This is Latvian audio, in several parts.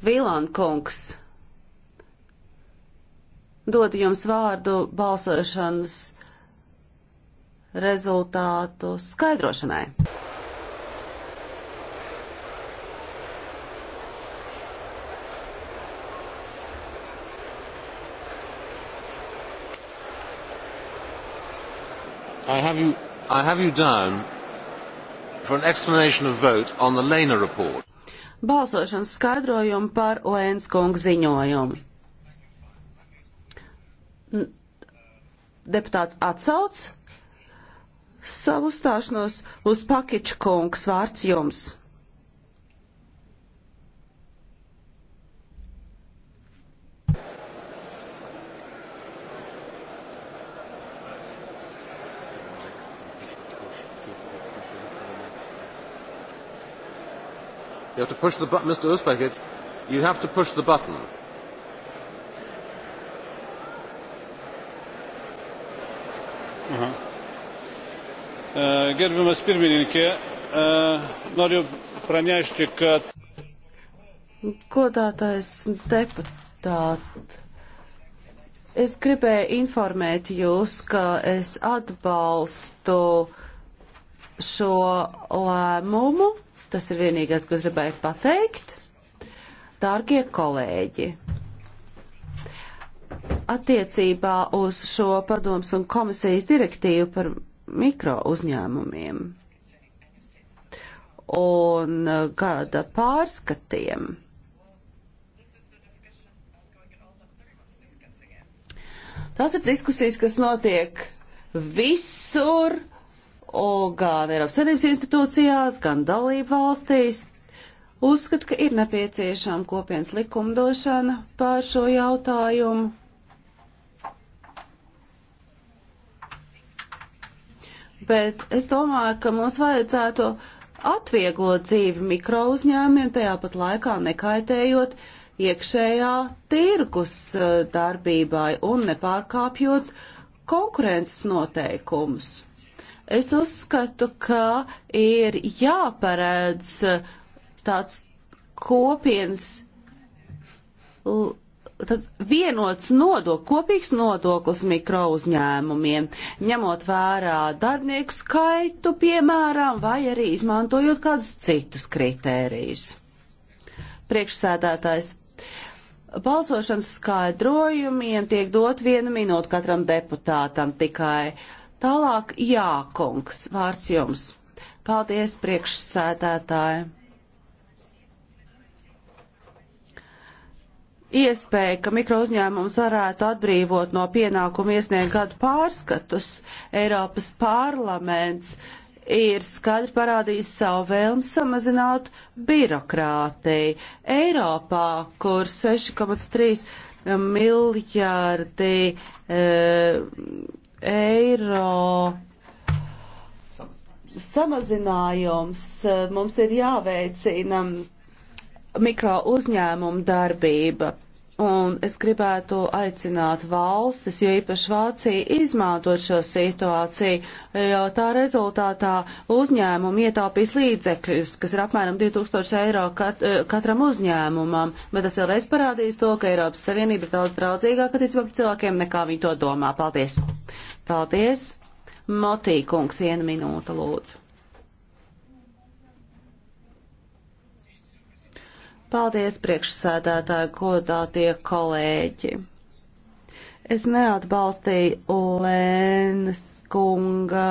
Vīlankungs, dodu jums vārdu balsošanas rezultātu skaidrošanai. I have you, I have you down for an explanation of vote on the Lena report balsošanas skaidrojumu par Lēnskunga ziņojumu. Deputāts atsauc savu stāšanos uz pakiču kungs vārds jums. You have to push the button. Mr. Uzbekit, you have to push the button. Gerbiamas pirmininkė, e, noriu pranešti, kad. Godātais deputāt, es gribēju informēt jūs, ka es atbalstu šo lēmumu Tas ir vienīgais, ko gribēju pateikt. Dārgie kolēģi, attiecībā uz šo padoms un komisijas direktīvu par mikro uzņēmumiem un uh, gada pārskatiem. Tās ir diskusijas, kas notiek visur O, gan Eiropas Savienības institūcijās, gan dalību valstīs. Uzskatu, ka ir nepieciešama kopienas likumdošana pār šo jautājumu. Bet es domāju, ka mums vajadzētu atvieglot dzīvi mikro uzņēmumiem, tajā pat laikā nekaitējot iekšējā tirgus eh, darbībai un nepārkāpjot konkurences noteikumus. Es uzskatu, ka ir jāparedz tāds kopienas, tāds vienots nodoklis, kopīgs nodoklis mikro uzņēmumiem, ņemot vērā darbinieku skaitu, piemēram, vai arī izmantojot kādus citus kritērijus. Priekšsēdētājs. Balsošanas skaidrojumiem tiek dot viena minūte katram deputātam tikai. Uh, Tālāk jākungs, vārds jums. Paldies, priekšsēdētāji. Iespēja, ka mikrouzņēmums varētu atbrīvot no pienākuma iesniegt gadu pārskatus, Eiropas parlaments ir skaidri parādījis savu vēlmu samazināt birokrātiju. Eiropā, kur 6,3 miljārdi e, eiro samazinājums mums ir jāveicina mikro uzņēmumu darbība. Un es gribētu aicināt valstis, jo īpaši Vācija, izmantot šo situāciju, jo tā rezultātā uzņēmumi ietaupīs līdzekļus, kas ir apmēram 2000 eiro kat, katram uzņēmumam. Bet tas vēlreiz parādīs to, ka Eiropas Savienība ir daudz draudzīgāka attiecībā pret cilvēkiem, nekā viņi to domā. Paldies! Paldies! Motīkungs, viena minūte, lūdzu. Paldies, priekšsēdētāji, godātie kolēģi. Es neatbalstīju Lēnas kunga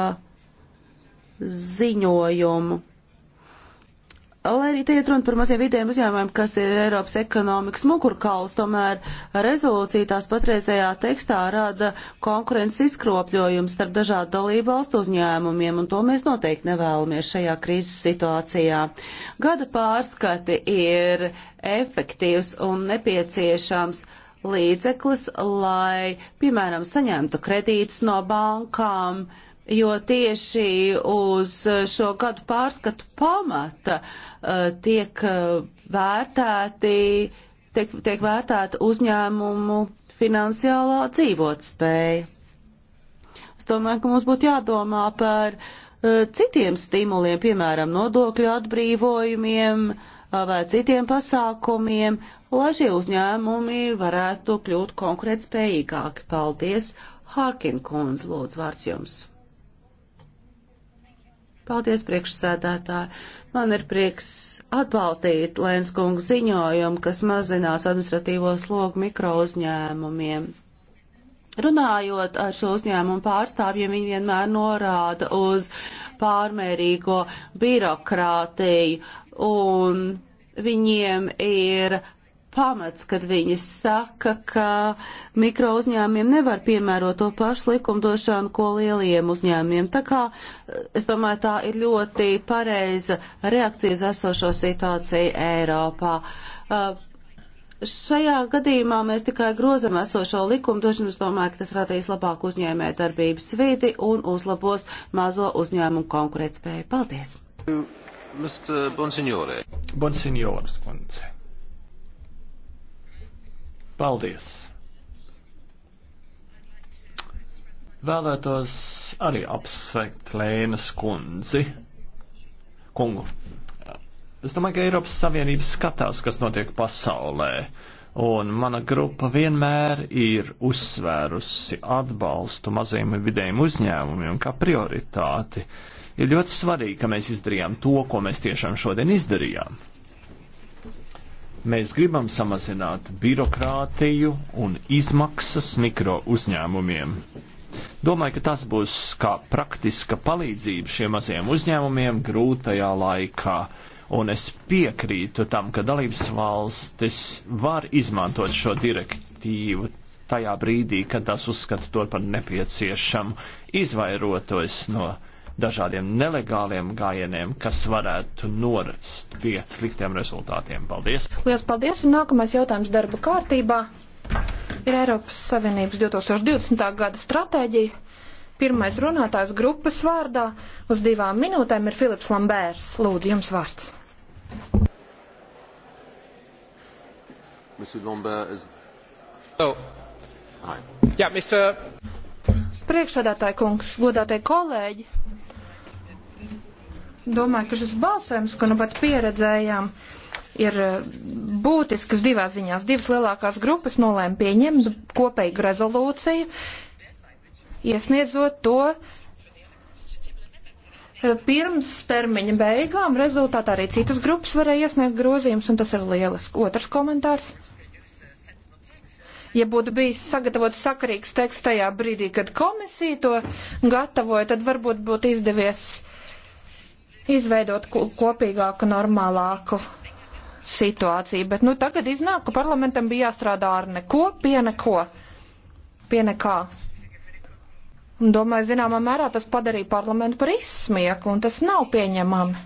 ziņojumu, Lai arī te ir runa par maziem vidiem uzņēmumiem, kas ir Eiropas ekonomikas mugurkauls, tomēr rezolūcija tās patreizējā tekstā rada konkurences izkropļojums starp dažādu dalību valstu uzņēmumiem, un to mēs noteikti nevēlamies šajā krīzes situācijā. Gada pārskati ir efektīvs un nepieciešams līdzeklis, lai, piemēram, saņemtu kredītus no bankām, uh, jo tieši uz šo gadu pārskatu pamata uh, tiek uh, vērtēti, tiek, tiek vērtēta uzņēmumu finansiālā dzīvotspēja. Es domāju, ka mums būtu jādomā par uh, citiem stimuliem, piemēram, nodokļu atbrīvojumiem uh, vai citiem pasākumiem, lai šie uzņēmumi varētu kļūt konkurētspējīgāki. Paldies! Hārkin kundze, lūdzu, vārds jums! Paldies, priekšsēdētāji. Man ir prieks atbalstīt Lēnskungu ziņojumu, kas mazinās administratīvo slogu mikro uzņēmumiem. Runājot ar šo uzņēmumu pārstāvjiem, viņi vienmēr norāda uz pārmērīgo birokrātiju un viņiem ir pamats, kad viņi saka, ka mikro uzņēmiem nevar piemērot to pašu likumdošanu, ko lieliem uzņēmiem. Tā kā, es domāju, tā ir ļoti pareiza reakcija uz esošo situāciju Eiropā. Uh, šajā gadījumā mēs tikai grozam esošo likumdošanu. Es domāju, ka tas radīs labāku uzņēmē darbības vidi un uzlabos mazo uzņēmumu konkurētspēju. Paldies! Mr. Bonsignore. Bonsignoras kundze. Paldies! Vēlētos arī apsveikt Lēnas kundzi, kungu. Es domāju, ka Eiropas Savienība skatās, kas notiek pasaulē, un mana grupa vienmēr ir uzsvērusi atbalstu mazajiem un vidējiem uzņēmumiem kā prioritāti. Ir ļoti svarīgi, ka mēs izdarījām to, ko mēs tiešām šodien izdarījām. Mēs gribam samazināt birokrātiju un izmaksas mikro uzņēmumiem. Domāju, ka tas būs kā praktiska palīdzība šiem mazajiem uzņēmumiem grūtajā laikā. Un es piekrītu tam, ka dalības valstis var izmantot šo direktīvu tajā brīdī, kad tas uzskata to par nepieciešamu, izvairoties no dažādiem nelegāliem gājieniem, kas varētu norest pie sliktiem rezultātiem. Paldies! Lielas paldies! Un nākamais jautājums darba kārtībā ir Eiropas Savienības 2020. gada stratēģija. Pirmais runātājs grupas vārdā uz divām minūtēm ir Filips Lambērs. Lūdzu, jums vārds. Is... Oh. Yeah, Mr... Priekšsēdētāji kungs, godātie kolēģi, domāju, ka šis balsojums, ko nu pat pieredzējām, ir eh, būtisks divās ziņās. Divas lielākās grupas nolēma pieņemt kopēju rezolūciju, iesniedzot to eh, pirms termiņa beigām. Rezultātā arī citas grupas varēja iesniegt grozījumus, un tas ir lielisks. Otrs komentārs. Ja būtu bijis sagatavots sakarīgs teksts tajā brīdī, kad komisija to gatavoja, tad varbūt būtu izdevies izveidot kopīgāku, normālāku situāciju. Bet nu tagad iznāk, ka parlamentam bija jāstrādā ar neko, pie neko, pie nekā. Un domāju, zināmā mērā tas padarīja parlamentu par izsmieku, un tas nav pieņemami.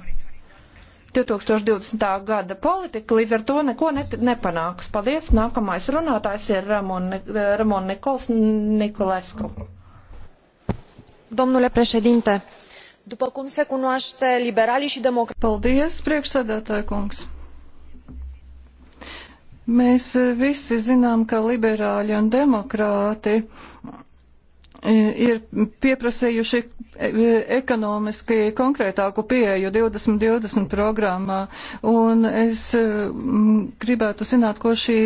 2020. gada politika līdz ar to neko net, nepanāks. Paldies, nākamais runātājs ir Ramon, Ramon Nikols Nikolesku. Domnule președinte, uh, După cum se cunoaște, liberāļi și demokrāti. Paldies, priekšsēdētāja kungs. Mēs visi zinām, ka liberāļi un demokrāti E, ir pieprasījuši e, e, ekonomiski konkrētāku pieeju 2020 programmā, un es gribētu zināt, ko šī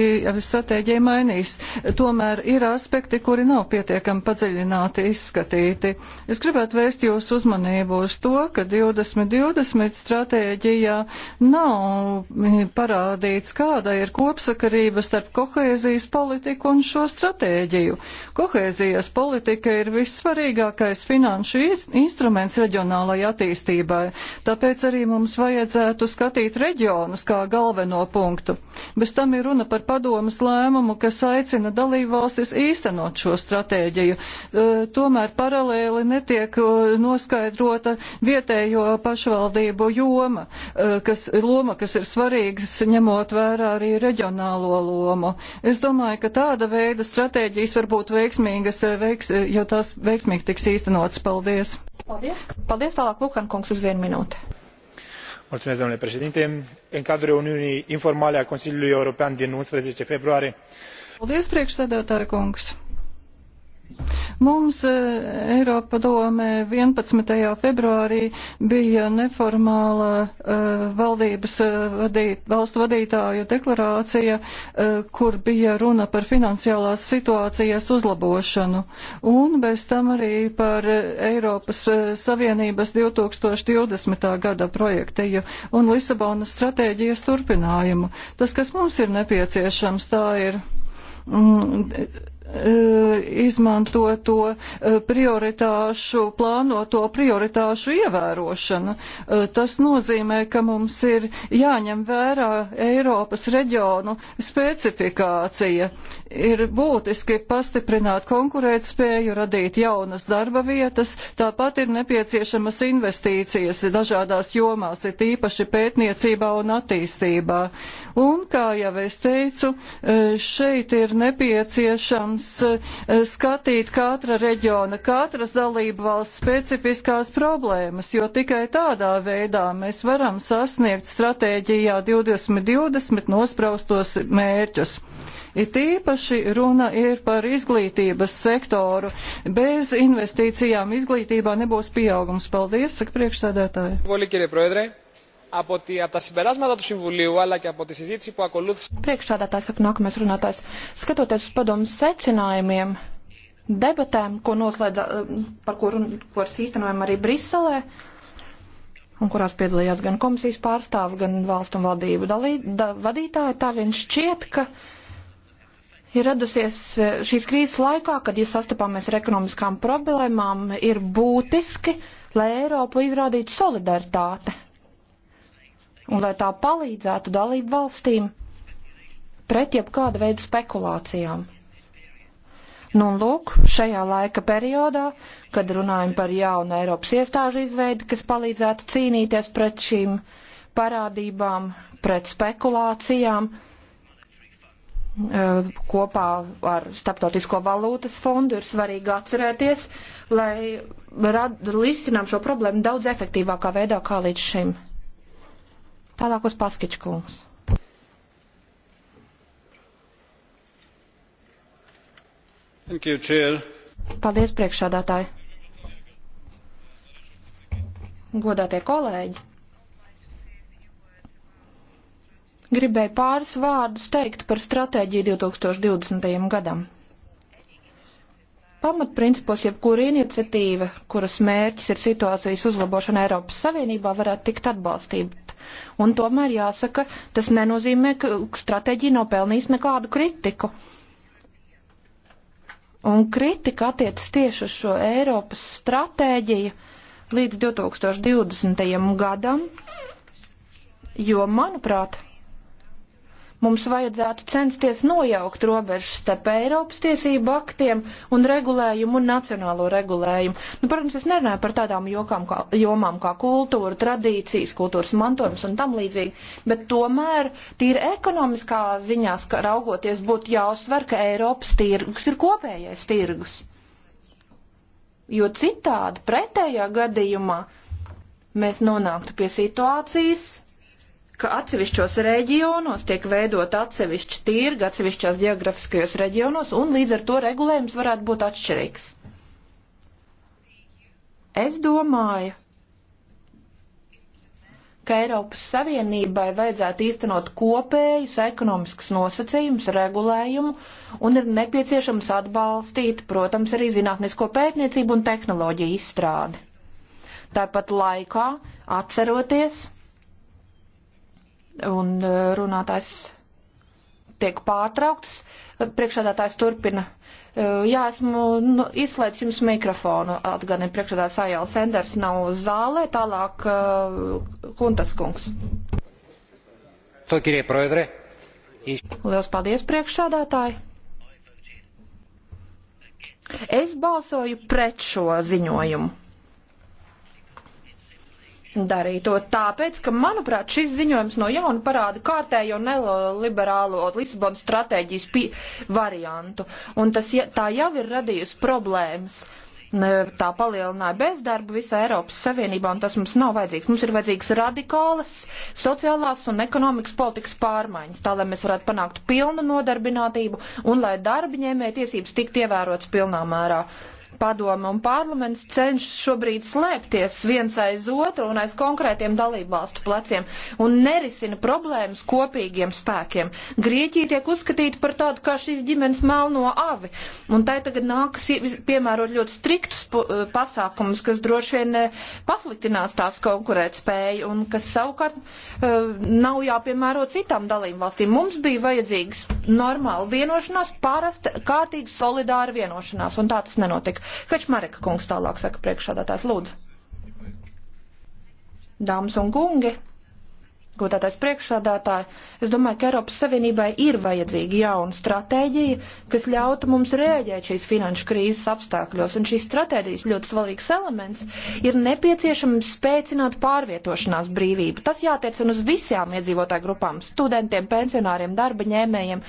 stratēģija mainīs. Tomēr ir aspekti, kuri nav pietiekami padziļināti izskatīti. Es gribētu vēst jūsu uzmanību uz to, ka 2020 stratēģijā nav parādīts, kāda ir kopsakarība starp kohēzijas politiku un šo stratēģiju. Kohēzijas politika politika ir vissvarīgākais finanšu instruments reģionālai attīstībai, tāpēc arī mums vajadzētu skatīt reģionus kā galveno punktu. Bez tam ir runa par padomas lēmumu, kas aicina dalībvalstis īstenot šo stratēģiju. E, tomēr paralēli netiek e, noskaidrota vietējo pašvaldību joma, e, kas, loma, kas ir svarīgas, ņemot vērā arī reģionālo lomu. Es domāju, ka tāda veida stratēģijas var būt veiksmīgas veiks, jo tās veiksmīgi tiks īstenotas. Paldies! Paldies! Paldies tālāk, Lukan kungs, uz vienu minūti. Mulțumesc, domnule președinte. În cadrul reuniunii informale a Consiliului European din 11 februarie. Paldies, priekšsēdētāja kungs! Mums eh, Eiropa domē 11. februārī bija neformāla uh, valdības eh, vadīt, valstu vadītāju deklarācija, uh, kur bija runa par finansiālās situācijas uzlabošanu un bez tam arī par Eiropas Savienības 2020. gada projekteju un Lisabonas stratēģijas turpinājumu. Tas, kas mums ir nepieciešams, tā ir. Mm, Eh, izmantoto eh, prioritāšu, plānoto prioritāšu ievērošanu. Eh, tas nozīmē, ka mums ir jāņem vērā Eiropas reģionu specifikācija. Ir būtiski pastiprināt konkurētspēju, radīt jaunas darba vietas, tāpat ir nepieciešamas investīcijas dažādās jomās, ir tīpaši pētniecībā un attīstībā. Un, kā jau es teicu, e, šeit ir nepieciešams e, skatīt katra reģiona, katras dalību valsts specifiskās problēmas, jo tikai tādā veidā mēs varam sasniegt stratēģijā 2020 nospraustos mērķus. It īpaši runa ir par izglītības sektoru. Bez investīcijām izglītībā nebūs pieaugums. Paldies, saka priekšsēdētāji. Από, τη, από τα συμπεράσματα του Συμβουλίου αλλά και από τη συζήτηση που ακολούθησε. Priekšsādātājs saka nākamais runātājs. Skatoties uz padomu secinājumiem, debatēm, ko noslēdza, eh, par ko, run, ko īstenojam arī Briselē, un kurās piedalījās gan komisijas pārstāvi, gan valstu un valdību dalī, da, vadītāji, tā viens šķiet, ka uh, ir radusies e, šīs krīzes laikā, kad, ja sastapāmies ar ekonomiskām problēmām, ir būtiski, lai Eiropa izrādītu solidaritāte un lai tā palīdzētu dalību valstīm pret jebkāda veida spekulācijām. Nu, un lūk, šajā laika periodā, kad runājam par jaunu Eiropas iestāžu izveidi, kas palīdzētu cīnīties pret šīm parādībām, pret spekulācijām, uh, Eh, kopā ar Starptautisko valūtas fondu ir svarīgi atcerēties, lai risinām šo problēmu daudz efektīvākā veidā kā līdz šim. Tālāk uz Paskičkungs. You, Paldies, priekšādātāji. Godātie kolēģi. gribēju pāris vārdus teikt par stratēģiju 2020. gadam. Pamatprincipos jebkura iniciatīva, kuras mērķis ir situācijas uzlabošana Eiropas Savienībā, varētu tikt atbalstīta. Un tomēr jāsaka, tas nenozīmē, ka stratēģija nav pelnījusi nekādu kritiku. Un kritika attiecas tieši uz šo Eiropas stratēģiju līdz 2020. gadam, jo, manuprāt, Mums vajadzētu censties nojaukt robežas starp Eiropas tiesību aktiem un regulējumu un nacionālo regulējumu. Nu, protams, es nerunāju par tādām jokām, kā, jomām kā kultūra, tradīcijas, kultūras mantojums un tam līdzīgi, bet tomēr tīri ekonomiskā ziņā raugoties būtu jāuzsver, ka Eiropas tirgus ir kopējais tirgus. Jo citādi, pretējā gadījumā, mēs nonāktu pie situācijas, ka atsevišķos reģionos tiek veidot atsevišķi tirgi, atsevišķās geografiskajos reģionos, un līdz ar to regulējums varētu būt atšķirīgs. Es domāju, ka Eiropas Savienībai vajadzētu īstenot kopējus ekonomiskus nosacījumus, regulējumu, un ir nepieciešams atbalstīt, protams, arī zinātnisko pētniecību un tehnoloģiju izstrādi. Tāpat laikā atceroties, un e, runātājs tiek pārtrauktas. Priekšādātājs turpina. E, jā, esmu nu, izslēdz jums mikrofonu. Atgādini, priekšādā Sajāls Enders nav zālē. Tālāk Kuntas e, kungs. To, kirie proedre. Liels paldies, priekšādātāji. Es balsoju pret šo ziņojumu darīja to tāpēc, ka, manuprāt, šis ziņojums no jauna parāda kārtējo neoliberālo Lisabonas stratēģijas variantu. Un tas, tā jau ir radījusi problēmas. Tā palielināja bezdarbu visā Eiropas Savienībā, un tas mums nav vajadzīgs. Mums ir vajadzīgs radikālas sociālās un ekonomikas politikas pārmaiņas, tā lai mēs varētu panākt pilnu nodarbinātību un lai darbiņēmē tiesības tiktu ievērotas pilnā mērā. Uh, Padoma un parlaments cenšas šobrīd slēpties viens aiz otru un aiz konkrētiem dalībvalstu pleciem un nerisina problēmas kopīgiem spēkiem. Grieķija tiek uzskatīta par tādu kā šīs ģimenes melno avi, un tai tagad nākas piemērot ļoti striktus eh, pasākumus, kas droši vien eh, pasliktinās tās konkurētspēju un kas savukārt eh, nav jāpiemēro citām dalībvalstīm. Mums bija vajadzīgs normāli vienošanās, parasta, kārtīgi solidāra vienošanās, un tā tas nenotika. Kačmareka kungs tālāk saka priekšādātājs lūdzu. Dāmas un kungi! Godātais priekšsādātāji, es domāju, ka Eiropas Savienībai ir vajadzīga jauna stratēģija, kas ļautu mums rēģēt šīs finanšu krīzes apstākļos, un šīs stratēģijas ļoti svarīgs elements ir nepieciešams spēcināt pārvietošanās brīvību. Tas jātiec un uz visām iedzīvotāju grupām - studentiem, pensionāriem, darba ņēmējiem,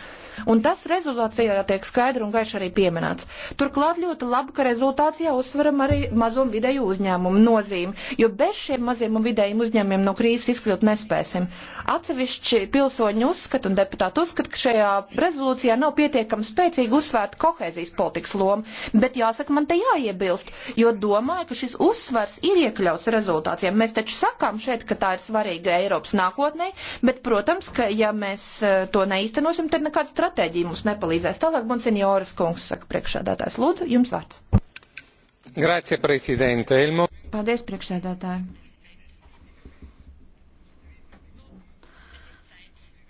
un tas rezultācijā tiek skaidri un gaiši arī pieminēts. Turklāt ļoti labi, ka rezultācijā uzsveram arī mazo un vidēju uzņēmumu nozīmi, jo bez šiem maziem un vidējiem uzņēmumiem no krīzes izkļūt nespēsim pieņemsim. Atsevišķi pilsoņi uzskata un deputāti uzskata, ka šajā rezolūcijā nav pietiekami spēcīgi uzsvērta kohēzijas politikas loma, bet jāsaka, man te jāiebilst, jo domāju, ka šis uzsvars ir iekļauts rezultācijām. Mēs taču sakām šeit, ka tā ir svarīga Eiropas nākotnē, bet, protams, ka ja mēs eh, to neīstenosim, tad nekāda stratēģija mums nepalīdzēs. Tālāk, Bonsignoras kungs, saka priekšādātājs, lūdzu, jums vārds. Grazie, prezidente. Paldies, priekšsēdētāji.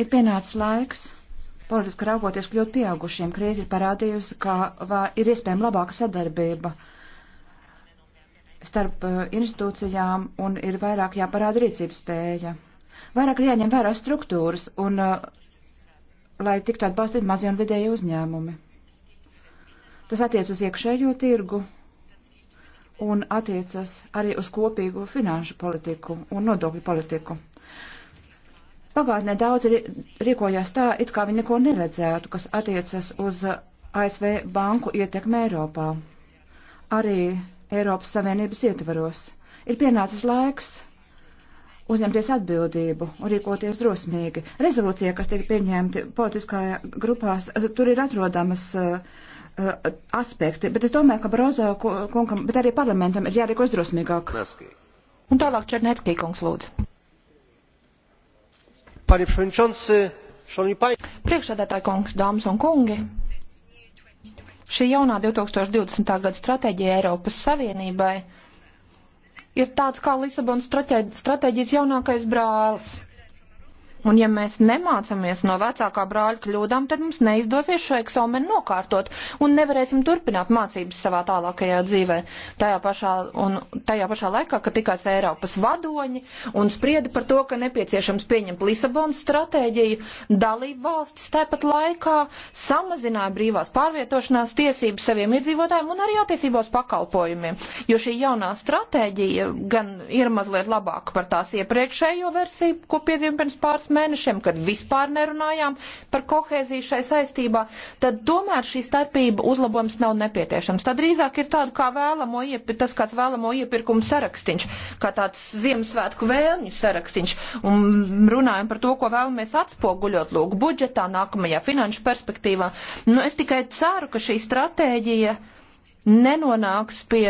Ir pienācis laiks politiski raugoties kļūt pieaugušiem. Krīze ir parādījusi, ka vā, ir iespējama labāka sadarbība starp uh, institūcijām un ir vairāk jāparāda rīcības spēja. Vairāk ir jāņem vērā struktūras un uh, lai tiktu atbalstīt mazie un vidēji uzņēmumi. Tas attiec uz iekšējo tirgu un attiecas arī uz kopīgu finanšu politiku un nodokļu politiku. Pagātnē daudz rīkojās tā, it kā viņi neko neredzētu, kas attiecas uz ASV banku ietekmi Eiropā. Arī Eiropas Savienības ietvaros ir pienācis laiks uzņemties atbildību un rīkoties drosmīgi. Rezolūcija, kas tika pieņemta politiskajā grupās, tur ir atrodamas uh, uh, aspekti, bet es domāju, ka Barozo kungam, bet arī parlamentam ir jārīkos drosmīgāk. Neski. Un tālāk Černetskī kungs lūdzu. Priekšsēdētāji kungs, dāmas un kungi, šī jaunā 2020. gada stratēģija Eiropas Savienībai ir tāds kā Lisabonas stratēģijas jaunākais brālis. Un ja mēs nemācāmies no vecākā brāļa kļūdām, tad mums neizdosies šo eksāmenu nokārtot un nevarēsim turpināt mācības savā tālākajā dzīvē. Tajā pašā, un, tajā pašā laikā, kad tikās Eiropas vadoņi un sprieda par to, ka nepieciešams pieņemt Lisabonas stratēģiju, dalību valstis tāpat laikā samazināja brīvās pārvietošanās tiesības saviem iedzīvotājiem un arī attiecībos pakalpojumiem. Jo šī jaunā stratēģija gan ir mazliet labāka par tās iepriekšējo versiju, ko piedzīvojam pirms pāris pāris mēnešiem, kad vispār nerunājām par kohēziju šai saistībā, tad tomēr šī starpība uzlabojums nav nepieciešams. Tad drīzāk ir tādu kā vēlamo, iepir, tas kāds vēlamo iepirkumu sarakstiņš, kā tāds Ziemassvētku vēlņu sarakstiņš, un runājam par to, ko vēlamies atspoguļot lūgu budžetā nākamajā finanšu perspektīvā. Nu, es tikai ceru, ka šī stratēģija nenonāks pie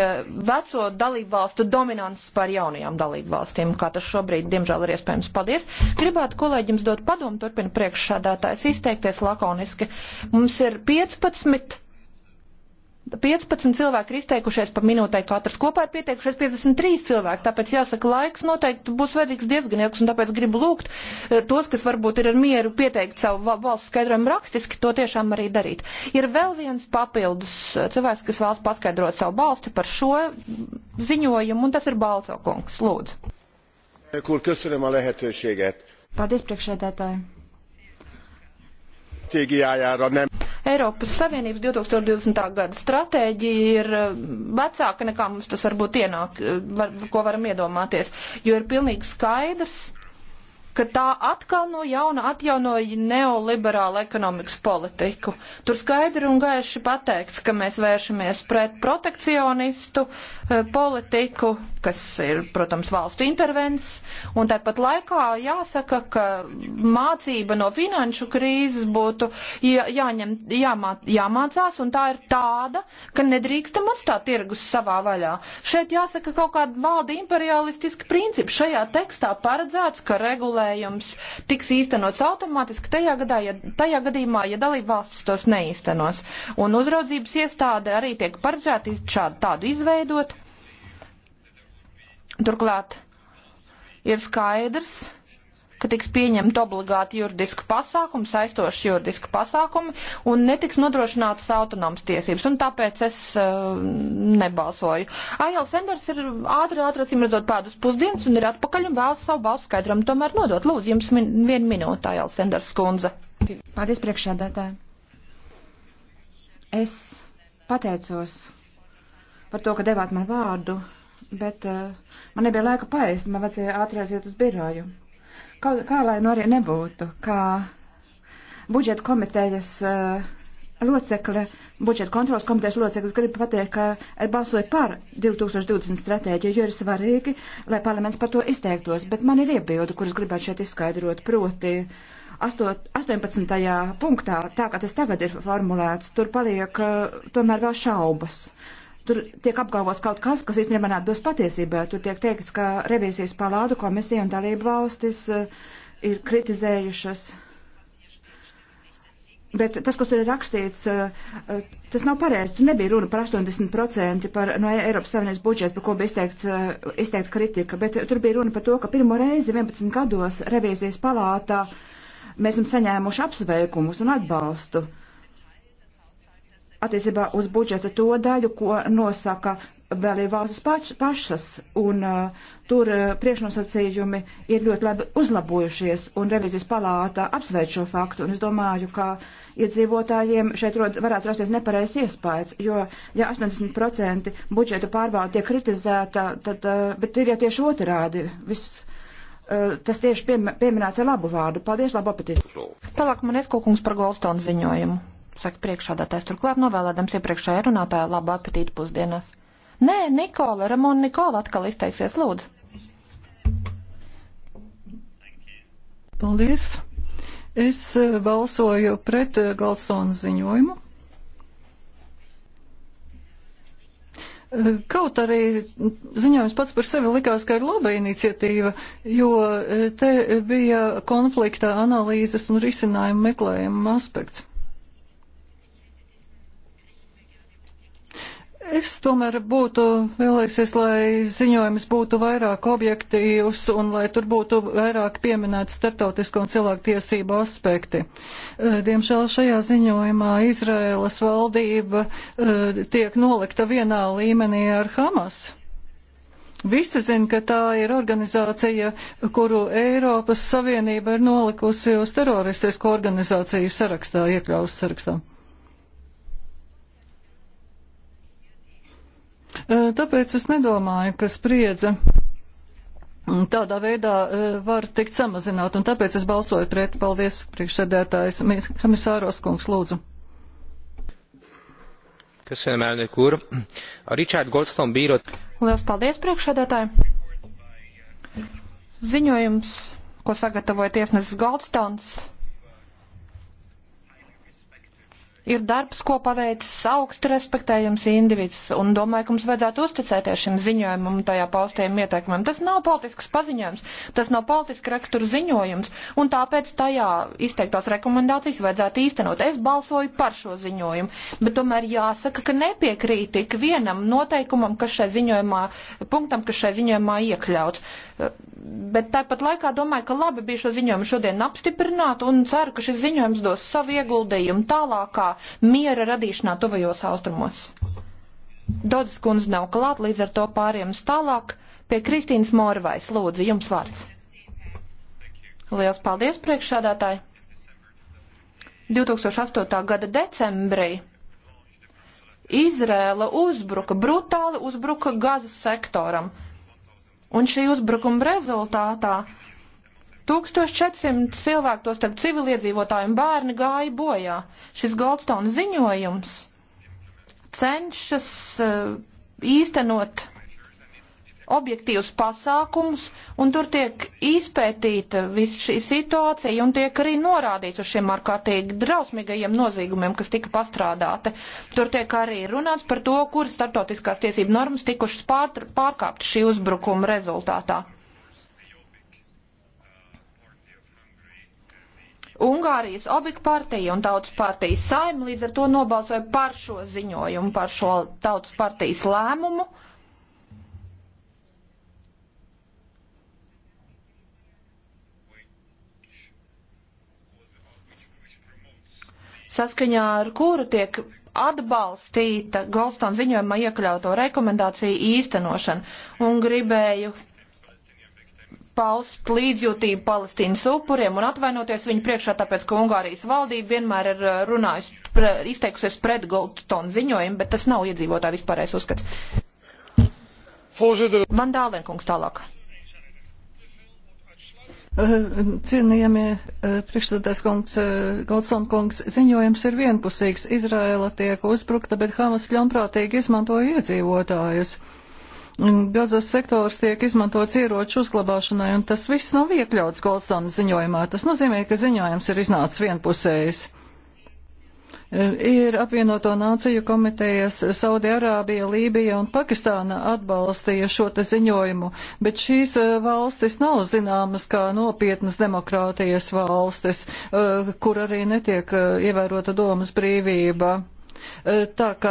veco dalību valstu dominances pār jaunajām dalību valstīm, kā tas šobrīd, diemžēl, ir iespējams. Paldies! Gribētu kolēģims dot padomu, turpina priekšsādātājs izteikties lakoniski. Mums ir 15 15 cilvēki ir izteikušies pa minūtei katrs. Kopā ir pieteikušies 53 cilvēki, tāpēc jāsaka, laiks noteikti būs vajadzīgs diezgan ilgs, un tāpēc gribu lūgt eh, tos, kas varbūt ir ar mieru pieteikt savu valsts skaidrojumu rakstiski, to tiešām arī darīt. Ir vēl viens papildus eh, cilvēks, kas vēlas paskaidrot savu balstu par šo ziņojumu, un tas ir Balco kungs. Lūdzu. Kur köszönöm a lehetőséget. Paldies, priekšsēdētāji. Stratégiájára nem Eiropas Savienības 2020. gada stratēģija ir mm, vecāka nekā mums tas varbūt ienāk, mm, var, ko varam iedomāties, jo ir pilnīgi skaidrs, ka tā atkal no jauna atjaunoja neoliberālu ekonomikas politiku. Tur skaidri un gaiši pateikts, ka mēs vēršamies pret protekcionistu uh, Eh, politiku, kas ir, protams, valstu intervences, un tāpat laikā jāsaka, ka mācība no finanšu krīzes būtu jā, jāņem, jāmā, jāmācās, un tā ir tāda, ka nedrīkstam atstāt tirgus savā vaļā. Šeit jāsaka kaut kāda valda imperialistiska principa. Šajā tekstā paredzēts, ka regulējums tiks īstenots automātiski tajā, gadā, ja, tajā gadījumā, ja dalība valstis tos neīstenos. Un uzraudzības iestāde arī tiek paredzēta šādu tādu izveidot, Turklāt ir skaidrs, ka tiks pieņemta obligāti juridiska pasākuma, saistoši juridiska pasākumi un netiks nodrošinātas autonomas tiesības. Un tāpēc es uh, nebalsoju. Aijals Senders ir ātri, ātri acīm redzot pēdus pusdienas un ir atpakaļ un vēlas savu balsu skaidram tomēr nodot. Lūdzu, jums min vienu minūtu, Aijals Senders kundze. Paldies priekšādātāji. Es pateicos par to, ka devāt man vārdu bet uh, man nebija laika paēst, man vajadzēja ātri aiziet uz biroju. Kā, kā lai nu arī nebūtu, kā budžeta komitejas uh, eh, locekle, budžeta kontrolas komitejas locekle, gribu pateikt, ka balsoju par 2020 stratēģiju, jo ir svarīgi, lai parlaments par to izteiktos, bet man ir iebildi, kuras gribētu šeit izskaidrot, proti. Uh, 18. punktā, tā kā tas tagad ir formulēts, tur paliek eh, tomēr vēl šaubas tur tiek apgalvots kaut kas, kas īstenībā neatbilst patiesībai. Tur tiek teikts, ka revīzijas palādu komisija un dalību valstis eh, ir kritizējušas. Bet tas, kas tur ir rakstīts, eh, eh, tas nav pareizi. Tur nebija runa par 80% par, no Eiropas Savienības budžeta, par ko bija izteikts, izteikta kritika, bet tur bija runa par to, ka pirmo reizi 11 gados revīzijas palātā mēs esam saņēmuši apsveikumus un atbalstu. Uh, attiecībā uz budžeta to daļu, ko nosaka vēl ir valsts pač, pašas, un uh, tur uh, priekšnosacījumi ir ļoti labi uzlabojušies, un revizijas palāta apsveic šo faktu, un es domāju, ka iedzīvotājiem šeit rod, varētu rasties nepareizs iespējas, jo, ja 80% budžeta pārvalda tiek kritizēta, tad, uh, bet ir jau tieši otrādi, viss, uh, tas tieši piem, pieminēts ar labu vārdu. Paldies, labu apetīti! Tālāk man eskolkums par Goldstone ziņojumu saka priekšādātājs, turklāt novēlēdams iepriekšējā runātāja labu apetītu pusdienās. Nē, Nikola, Ramona Nikola atkal izteiksies, lūdzu. Paldies. Es e, balsoju pret e, Galstona ziņojumu. E, kaut arī ziņojums pats par sevi likās, ka ir laba iniciatīva, jo te bija konflikta analīzes un risinājuma meklējuma aspekts. Es tomēr būtu vēlēsies, lai ziņojums būtu vairāk objektīvs un lai tur būtu vairāk pieminēti starptautisko un cilvēktiesību aspekti. Eh, diemžēl šajā ziņojumā Izraēlas valdība eh, tiek nolikta vienā līmenī ar Hamas. Visi zina, ka tā ir organizācija, kuru Eiropas Savienība ir nolikusi uz teroristisku organizāciju sarakstā, iekļaujas sarakstā. Tāpēc es nedomāju, ka spriedze Tādā veidā var tikt samazināt, un tāpēc es balsoju pret. Paldies, priekšsēdētājs. Komisāros kungs, lūdzu. Köszönöm, elnök úr. A Richard Goldstone bírot... Lielas paldies, priekšsēdētāji. Ziņojums, ko sagatavoja tiesnesis Goldstones ir darbs, ko paveicis augstu respektējams individs, un domāju, ka mums vajadzētu uzticēties šim ziņojumam un tajā paustajiem ieteikumiem. Tas nav politisks paziņojums, tas nav politiska rakstura ziņojums, un tāpēc tajā izteiktās rekomendācijas vajadzētu īstenot. Es balsoju par šo ziņojumu, bet tomēr jāsaka, ka nepiekrīt tik vienam noteikumam, kas šai ziņojumā, punktam, kas šai ziņojumā iekļauts. Bet tāpat laikā domāju, ka labi bija šo ziņojumu šodien apstiprināt un ceru, ka šis ziņojums dos savu ieguldījumu tālākā miera radīšanā tuvajos austrumos. Dodas kundze nav klāt, līdz ar to pāriem tālāk pie Kristīnas Morvais. Lūdzu, jums vārds. Liels paldies, priekšsādātāji! 2008. gada decembrī Izrēla uzbruka, brutāli uzbruka gazas sektoram. Un šī uzbrukuma rezultātā 1400 cilvēku, to starp civiliedzīvotājiem, bērni gāja bojā. Šis Goldstone ziņojums cenšas eh, īstenot objektīvus pasākumus, un tur tiek izpētīta visa šī situācija, un tiek arī norādīts uz šiem ārkārtīgi drausmīgajiem nozīgumiem, kas tika pastrādāti. Tur tiek arī runāts par to, kur startautiskās tiesību normas tikušas pār, pārkāptas šī uzbrukuma rezultātā. Ungārijas obika partija un tautas partijas saima līdz ar to nobalsoja par šo ziņojumu, par šo tautas partijas lēmumu. Uh, saskaņā ar kuru tiek atbalstīta Goldstone ziņojumā iekļauto rekomendāciju īstenošana un gribēju paust līdzjūtību Palestīnas upuriem un atvainoties viņu priekšā, tāpēc, ka Ungārijas valdība vienmēr ir eh, runājusi, pre, izteikusies pret Goldstone ziņojumu, bet tas nav iedzīvotāju vispārējais uzskats. Vandālenkungs tālāk. Cienījamie eh, priekšstādājs kungs, eh, Goldson kungs, ziņojums ir vienpusīgs. Izraela tiek uzbrukta, bet Hamas ļaunprātīgi izmanto iedzīvotājus. Gazas sektors tiek izmantots ieroču uzglabāšanai, un tas viss nav iekļauts Goldstone ziņojumā. Tas nozīmē, ka ziņojums ir iznācis vienpusējs ir apvienoto nāciju komitejas Saudi-Arābija, Lībija un Pakistāna atbalstīja šo te ziņojumu, bet šīs eh, valstis nav zināmas kā nopietnas demokrātijas valstis, eh, kur arī netiek eh, ievērota domas brīvība. Tā kā,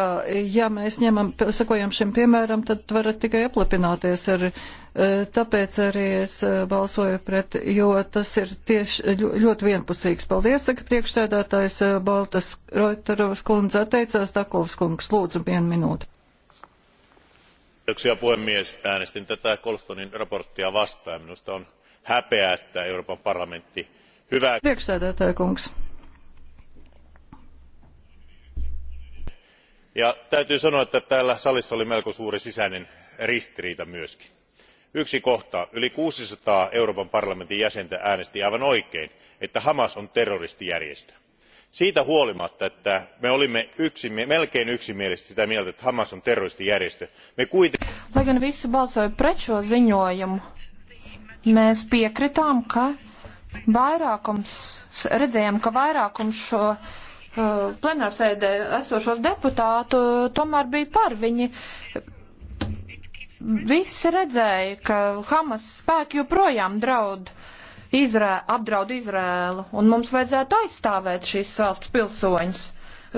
ja mēs ņemam, sakojam šim piemēram, tad varat tikai aplapināties ar, tāpēc arī es balsoju pret, jo tas ir tieši ļoti vienpusīgs. Paldies, saka priekšsēdētājs Baltas Roitarovs kundze, atteicās Takovs kungs, lūdzu, vienu minūti. Kiitoksia puhemies. Äänestin tätä Kolstonin raporttia vastaan. Minusta on häpeää, että Euroopan parlamentti hyvää... Priekšsēdētāja kungs. täytyy sanoa että täällä salissa oli melko suuri sisäinen ristiriita myös. yksi kohta yli kuusisataa euroopan parlamentin jäsentä äänesti aivan oikein että hamas on terroristijärjestö. siitä huolimatta että me olimme melkein yksimielisesti sitä mieltä että hamas on terroristijärjestö me kuitenkin. lai gan visi balsoja pret šo ziņojumu mēs piekritām ka vairākums redzējām ka vairākums šo Eh, plenārsēdē esošos deputātu eh, tomēr bija par viņi. Visi redzēja, ka Hamas spēki joprojām draud Izrē, apdraud Izrēlu, un mums vajadzētu aizstāvēt šīs valsts pilsoņus.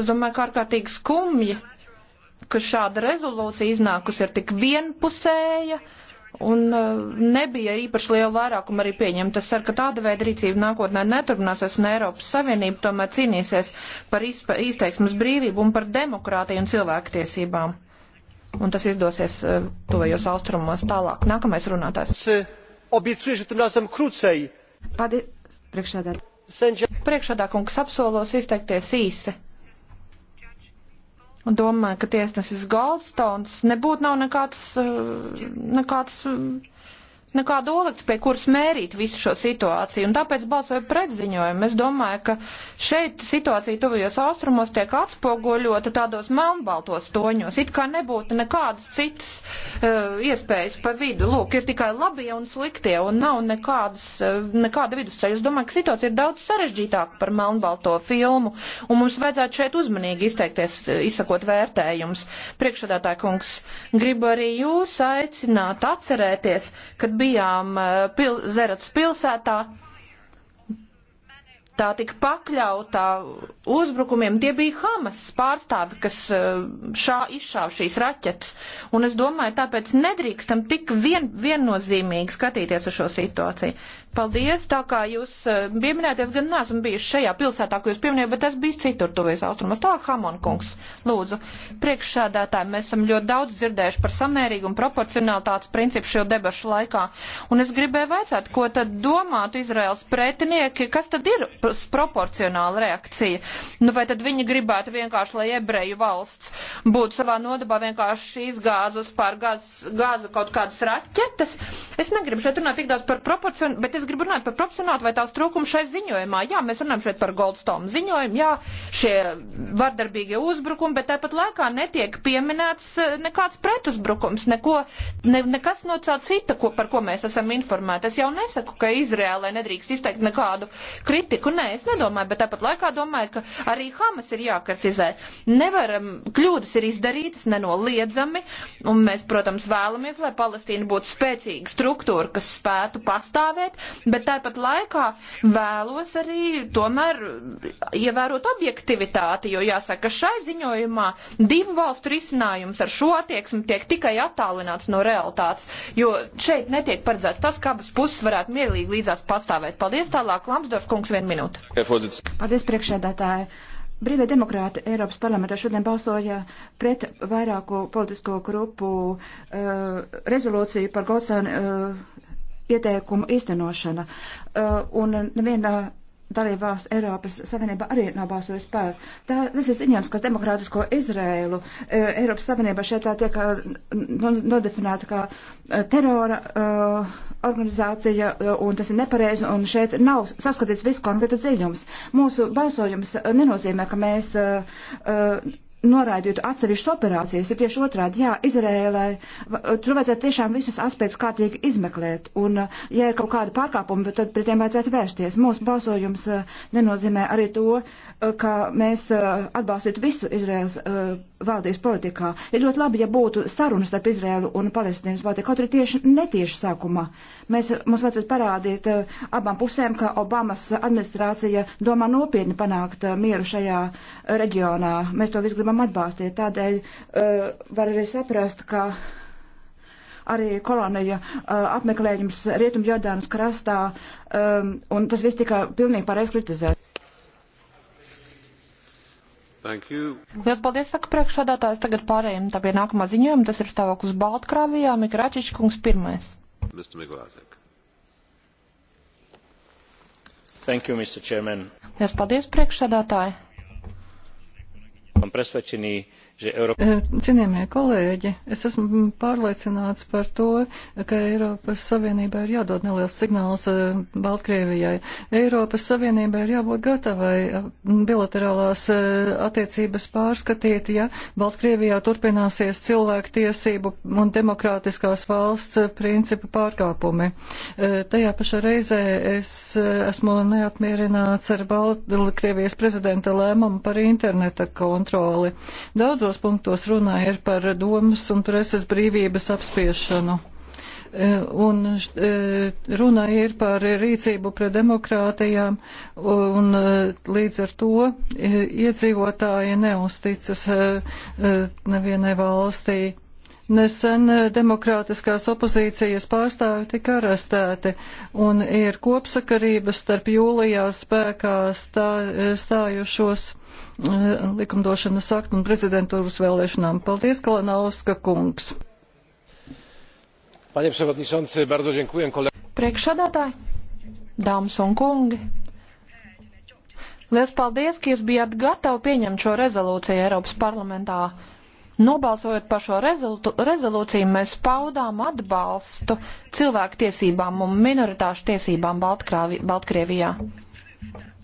Es domāju, ka ārkārtīgi skumji, ka šāda rezolūcija iznākusi ir tik vienpusēja. Uh, Un uh, nebija īpaši liela vairākuma arī pieņemta. Es ceru, ka tāda veida rīcība nākotnē neturpināsies un Eiropas Savienība tomēr cīnīsies par izteiksmes brīvību un par demokrātiju un cilvēktiesībām. Un tas izdosies uh, tuvajos austrumos tālāk. Nākamais runātājs. Uh, Obiecuju, ka tam esam krucei. Paldies, priekšādā. Priekšādā kungs apsolos izteikties īsi. Un domāju, ka tiesnesis Goldstones nebūtu nav nekāds, eh, nekāds nekāda olekta, pie kuras mērīt visu šo situāciju, un tāpēc balsoju pret ziņojumu. Es domāju, ka šeit situācija tuvajos austrumos tiek atspoguļota tādos melnbaltos toņos, it kā nebūtu nekādas citas uh, iespējas pa vidu. Lūk, ir tikai labie un sliktie, un nav nekādas, uh, nekāda vidusceļa. Es domāju, ka situācija ir daudz sarežģītāka par melnbalto filmu, un mums vajadzētu šeit uzmanīgi izteikties, eh, izsakot vērtējums. Priekšsēdētāja kungs, gribu arī jūs aicināt atcerēties, kad bijām eh, pil Zerats pilsētā tā tika pakļautā uzbrukumiem, tie bija Hamas pārstāvi, kas eh, šā, izšāva šīs raķetes. Un es domāju, tāpēc nedrīkstam tik vien, viennozīmīgi skatīties uz šo situāciju. Paldies, tā kā jūs eh, pieminēties, gan neesmu bijis šajā pilsētā, ko jūs pieminējāt, bet es biju citur tuvies austrumos. Tā, Hamonkungs, lūdzu, priekšsēdētāji, mēs esam ļoti daudz dzirdējuši par samērīgu un proporcionalitātes principu šo debašu laikā. Un es gribēju vaicāt, ko tad domātu Izraels pretinieki, kas tad ir proporcionāla reakcija. Nu, vai tad viņi gribētu vienkārši, lai ebreju valsts būtu savā nodabā vienkārši izgāzus pār gaz, gāzu kaut kādas raķetes? Es negribu šeit runāt tik daudz par proporcionālu, bet es gribu runāt par proporcionālu vai tās trūkumu šai ziņojumā. Jā, mēs runājam šeit par Goldstone ziņojumu, jā, šie vardarbīgie uzbrukumi, bet tāpat laikā netiek pieminēts eh, nekāds pretuzbrukums, neko, ne, nekas no cā cita, ko, par ko mēs esam informēti. Es jau nesaku, ka Izrēlē nedrīkst izteikt nekādu kritiku. Nē, es nedomāju, bet tāpat laikā domāju, ka arī Hamas ir jākartizē. Nevaram, um, kļūdas ir izdarītas nenoliedzami, un mēs, protams, vēlamies, lai Palestīna būtu spēcīga struktūra, kas spētu pastāvēt, bet tāpat laikā vēlos arī tomēr ievērot objektivitāti, jo jāsaka, ka šai ziņojumā divu valstu risinājums ar šo attieksmi tiek tikai attālināts no realitātes, jo šeit netiek paredzēts tas, kā abas puses varētu mierīgi līdzās pastāvēt. Paldies tālāk, Lamsdorf kungs, vienu minūti minūtu. Paldies, priekšēdētāji. Brīvie demokrāti Eiropas parlamentā šodien balsoja pret vairāku politisko grupu uh, rezolūciju par Goldsteina uh, eh, ieteikumu īstenošana. Uh, eh, un neviena dalībvalsts Eiropas Savienība arī ir nobalsojusi par. Tā, tas ir ziņojums, kas demokrātisko Izrēlu e, Eiropas Savienība šeit tā tiek e, nodefinēta kā e, terora uh, organizācija, un tas ir nepareizi, un šeit nav saskatīts viss konkrēta ziņums. Mūsu balsojums nenozīmē, ka mēs uh, uh, noraidītu atsevišķas operācijas, ir tieši otrādi, jā, Izrēlē, tur vajadzētu tiešām visus aspektus kārtīgi izmeklēt, un eh, ja ir kaut kāda pārkāpuma, tad pret tiem vajadzētu vērsties. Mūsu balsojums eh, nenozīmē arī to, eh, ka mēs atbalstītu visu Izrēlas valdības politikā. Ir ļoti labi, ja būtu sarunas starp Izrēlu un Palestīnas valdību, kaut arī tieši netieši sākumā. Mēs, mums vajadzētu parādīt abām pusēm, ka Obamas administrācija domā nopietni panākt mieru šajā reģionā. Mēs to visu gribam gribam atbalstīt. Tādēļ uh, var arī saprast, ka arī kolonija uh, eh, apmeklējums Rietum Jordānas krastā, um, un tas viss tika pilnīgi pareizi kritizēts. Lielas paldies, saka priekšādātājs. Tagad pārējiem tā pie nākamā ziņojuma. Tas ir stāvoklis Baltkrāvijā. Mikrāčiņš kungs pirmais. Thank you, Mr. Chairman. Lielas paldies, priekšādātāji som presvedčený Eh, cienījamie kolēģi, es esmu pārliecināts par to, ka Eiropas Savienībā ir jādod neliels signāls eh, Baltkrievijai. Eiropas Savienībā ir jābūt gatavai eh, bilaterālās attiecības pārskatīt, ja Baltkrievijā turpināsies cilvēku tiesību un demokrātiskās valsts principu pārkāpumi. Tajā pašā reizē es esmu neapmierināts ar Baltkrievijas prezidenta lēmumu par interneta kontroli. Daudzos Citos punktos runā ir par domas un preses brīvības apspiešanu. E, un e, runa ir par rīcību pret demokrātijām, un e, līdz ar to iedzīvotāji neusticas nevienai valstī. Nesen demokrātiskās opozīcijas pārstāvi tika arestēti un ir kopsakarības starp jūlijā spēkā stā, stājušos Eh, likumdošanas aktu un prezidentūras vēlēšanām. Paldies, Kalanauska kungs! Panie przewodniczący, bardzo dziękuję kolegom. Priekšsādātāji, dāmas un kungi, liels paldies, ka jūs bijat gatavi pieņemt šo rezolūciju Eiropas parlamentā. Nobalsojot par šo rezolūciju, mēs paudām atbalstu cilvēku tiesībām un minoritāšu tiesībām Baltkrāvi, Baltkrievijā.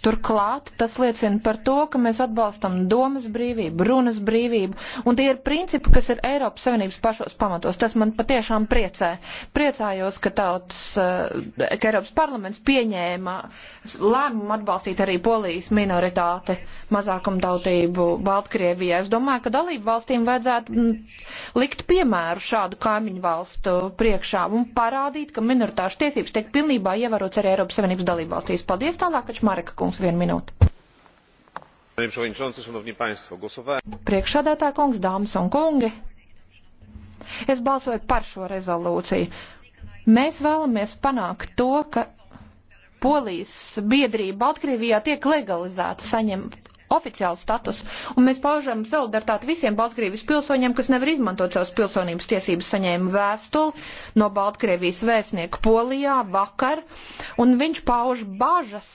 Turklāt tas liecina par to, ka mēs atbalstam domas brīvību, runas brīvību, un tie ir principi, kas ir Eiropas Savienības pašos pamatos. Tas man patiešām priecē. Priecājos, ka, tautas, eh, ka Eiropas parlaments pieņēma lēmumu atbalstīt arī polijas minoritāti mazākumtautību Baltkrievijā. Es domāju, ka dalību valstīm vajadzētu mm, likt piemēru šādu kaimiņu valstu priekšā un parādīt, ka minoritāšu tiesības tiek pilnībā ievērots arī Eiropas Savienības dalību valstīs. Paldies tālāk, Kačmareka kungs kungs, vienu minūti. Priekšsādātā kungs, dāmas un kungi, es balsoju par šo rezolūciju. Mēs vēlamies panākt to, ka polijas biedrība Baltkrievijā tiek legalizēta, saņem oficiālu statusu, un mēs paužam solidaritāti visiem Baltkrievijas pilsoņiem, kas nevar izmantot savas pilsonības tiesības, saņēma vēstuli no Baltkrievijas vēstnieku Polijā vakar, un viņš pauž bažas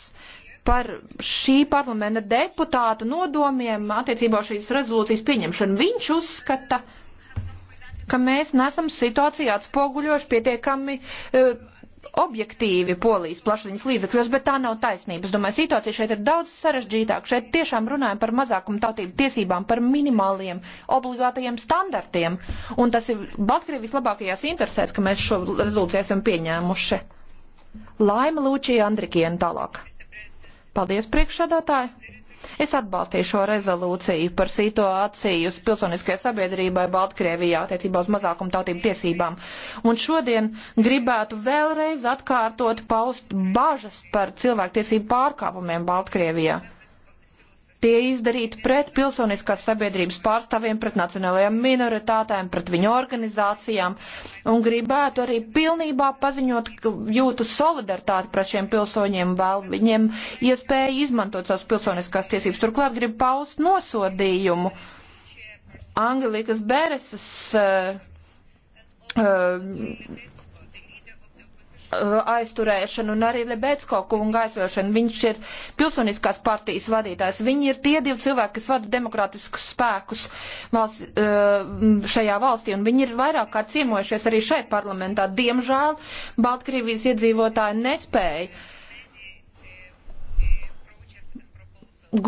par šī parlamenta deputāta nodomiem attiecībā šīs rezolūcijas pieņemšanu. Viņš uzskata, ka mēs nesam situāciju atspoguļojuši pietiekami uh, objektīvi polijas plašsaziņas līdzekļos, bet tā nav taisnība. Es domāju, situācija šeit ir daudz sarežģītāka. Šeit tiešām runājam par mazākumu tautību tiesībām, par minimāliem obligātajiem standartiem. Un tas ir Baltkrievis labākajās interesēs, ka mēs šo rezolūciju esam pieņēmuši. Laima Lūčija Andrikiena tālāk. Paldies, priekšsādātāji! Es atbalstīju šo rezolūciju par situāciju uz pilsoniskajai sabiedrībai Baltkrievijā attiecībā uz mazākumu tautību tiesībām. Un šodien gribētu vēlreiz atkārtot paust bažas par cilvēktiesību pārkāpumiem Baltkrievijā. Tie izdarīti pret pilsoniskās sabiedrības pārstāvjiem, pret nacionālajām minoritātēm, pret viņu organizācijām un gribētu arī pilnībā paziņot, ka jūtu solidaritāti pret šiem pilsoņiem, vēl viņiem iespēju izmantot savas pilsoniskās tiesības. Turklāt gribu paust nosodījumu Angelikas Bereses uh, uh, Uh, aizturēšanu un arī Lebedsko kunga aizturēšanu. Viņš ir pilsoniskās partijas vadītājs. Viņi ir tie divi cilvēki, kas vada demokrātiskus spēkus valsts, uh, šajā valstī, un viņi ir vairāk kārt ciemojušies arī šai parlamentā. Diemžēl Baltkrievijas iedzīvotāji nespēja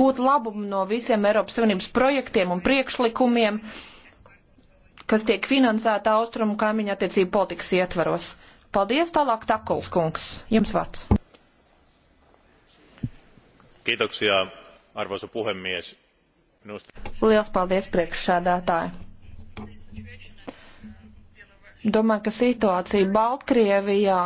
gūt labumu no visiem Eiropas Savienības projektiem un priekšlikumiem, kas tiek finansēta austrumu kaimiņu attiecību politikas ietvaros. Paldies, tālāk Takuls kungs. Jums vārds. Kiitoksia, arvoisa puhemies. Minusta... Liels paldies, priekšsēdētāji. Domāju, ka situācija Baltkrievijā